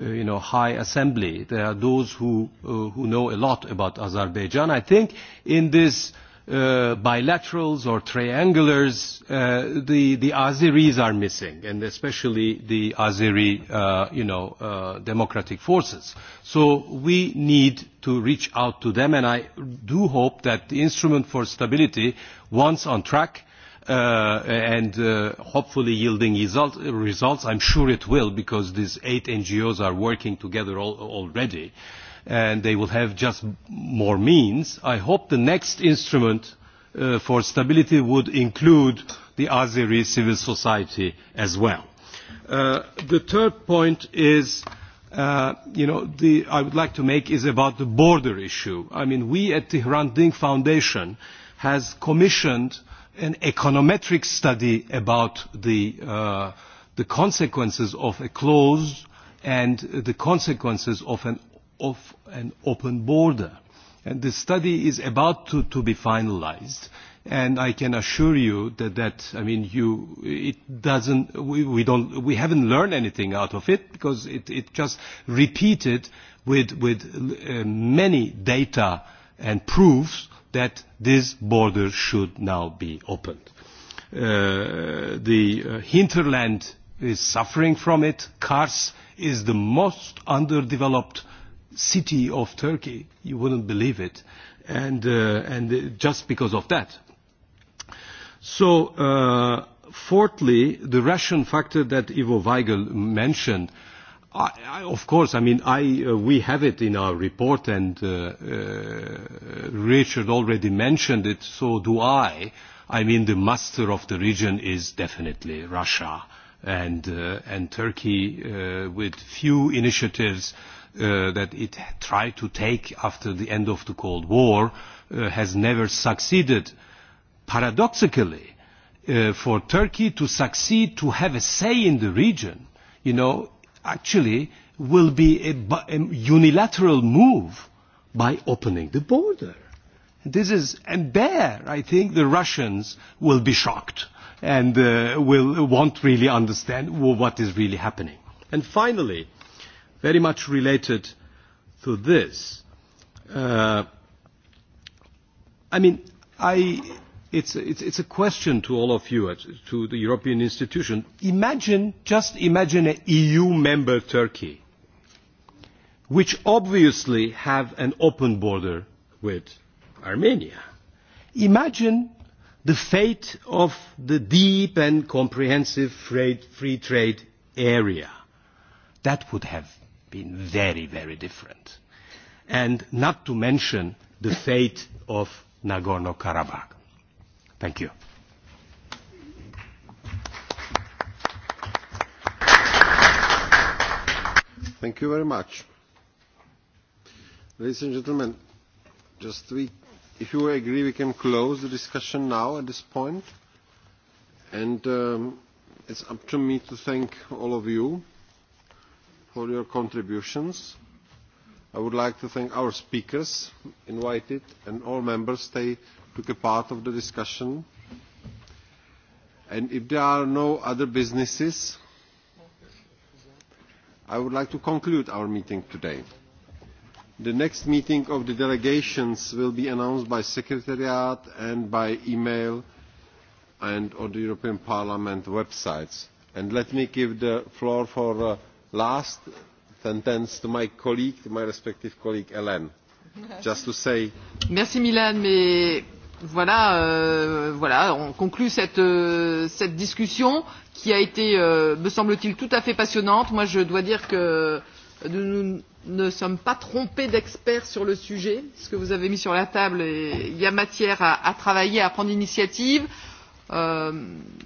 uh, you know, high assembly, there are those who, uh, who know a lot about Azerbaijan. I think in this uh, bilaterals or triangulars, uh, the, the Azeris are missing, and especially the Azeri, uh, you know, uh, democratic forces. So we need to reach out to them, and I do hope that the instrument for stability, once on track, uh, uh, and uh, hopefully yielding result, results. I'm sure it will because these eight NGOs are working together al already and they will have just more means. I hope the next instrument uh, for stability would include the Azeri civil society as well. Uh, the third point is uh, you know, the, I would like to make is about the border issue. I mean, we at the Hrant Dink Foundation has commissioned an econometric study about the, uh, the consequences of a closed and the consequences of an, of an open border. And the study is about to, to be finalized. And I can assure you that, that I mean, you, it doesn't, we, we, don't, we haven't learned anything out of it because it, it just repeated with, with uh, many data and proofs that this border should now be opened. Uh, the uh, hinterland is suffering from it. Kars is the most underdeveloped city of Turkey. You wouldn't believe it. And, uh, and just because of that. So, uh, fourthly, the Russian factor that Ivo Weigel mentioned uh, I, of course, I mean, I, uh, we have it in our report, and uh, uh, Richard already mentioned it, so do I. I mean, the master of the region is definitely Russia and, uh, and Turkey, uh, with few initiatives uh, that it tried to take after the end of the Cold War, uh, has never succeeded. Paradoxically, uh, for Turkey to succeed, to have a say in the region, you know, actually will be a, a unilateral move by opening the border. This is, and there, I think the Russians will be shocked and uh, will, won't really understand what is really happening. And finally, very much related to this, uh, I mean, I it's, it's, it's a question to all of you, to the European institution. Imagine, just imagine an EU member Turkey, which obviously have an open border with Armenia. Imagine the fate of the deep and comprehensive free trade area. That would have been very, very different. And not to mention the fate of Nagorno-Karabakh Thank you. Thank you very much. Ladies and gentlemen, just we, if you agree, we can close the discussion now at this point. And um, it's up to me to thank all of you for your contributions. I would like to thank our speakers invited and all members. They took a part of the discussion. And if there are no other businesses, I would like to conclude our meeting today. The next meeting of the delegations will be announced by Secretariat and by email and on the European Parliament websites. And let me give the floor for the uh, last sentence to my colleague, to my respective colleague, Hélène. Just to say... Merci Milan, mais voilà, euh, voilà, on conclut cette, euh, cette discussion qui a été, euh, me semble-t-il, tout à fait passionnante. Moi, je dois dire que nous, nous ne sommes pas trompés d'experts sur le sujet. Ce que vous avez mis sur la table, et il y a matière à, à travailler, à prendre l'initiative. Euh,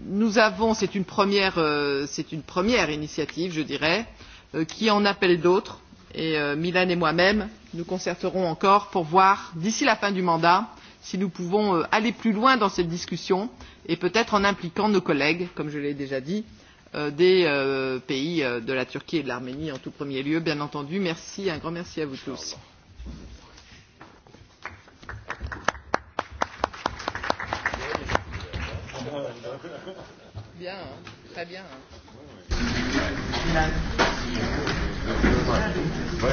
nous avons, c'est une première, euh, c'est une première initiative, je dirais, euh, qui en appelle d'autres. Et euh, Milan et moi-même, nous concerterons encore pour voir, d'ici la fin du mandat, si nous pouvons euh, aller plus loin dans cette discussion et peut être en impliquant nos collègues comme je l'ai déjà dit euh, des euh, pays de la Turquie et de l'Arménie en tout premier lieu, bien entendu. Merci, un grand merci à vous tous. Bien, très bien. Ouais,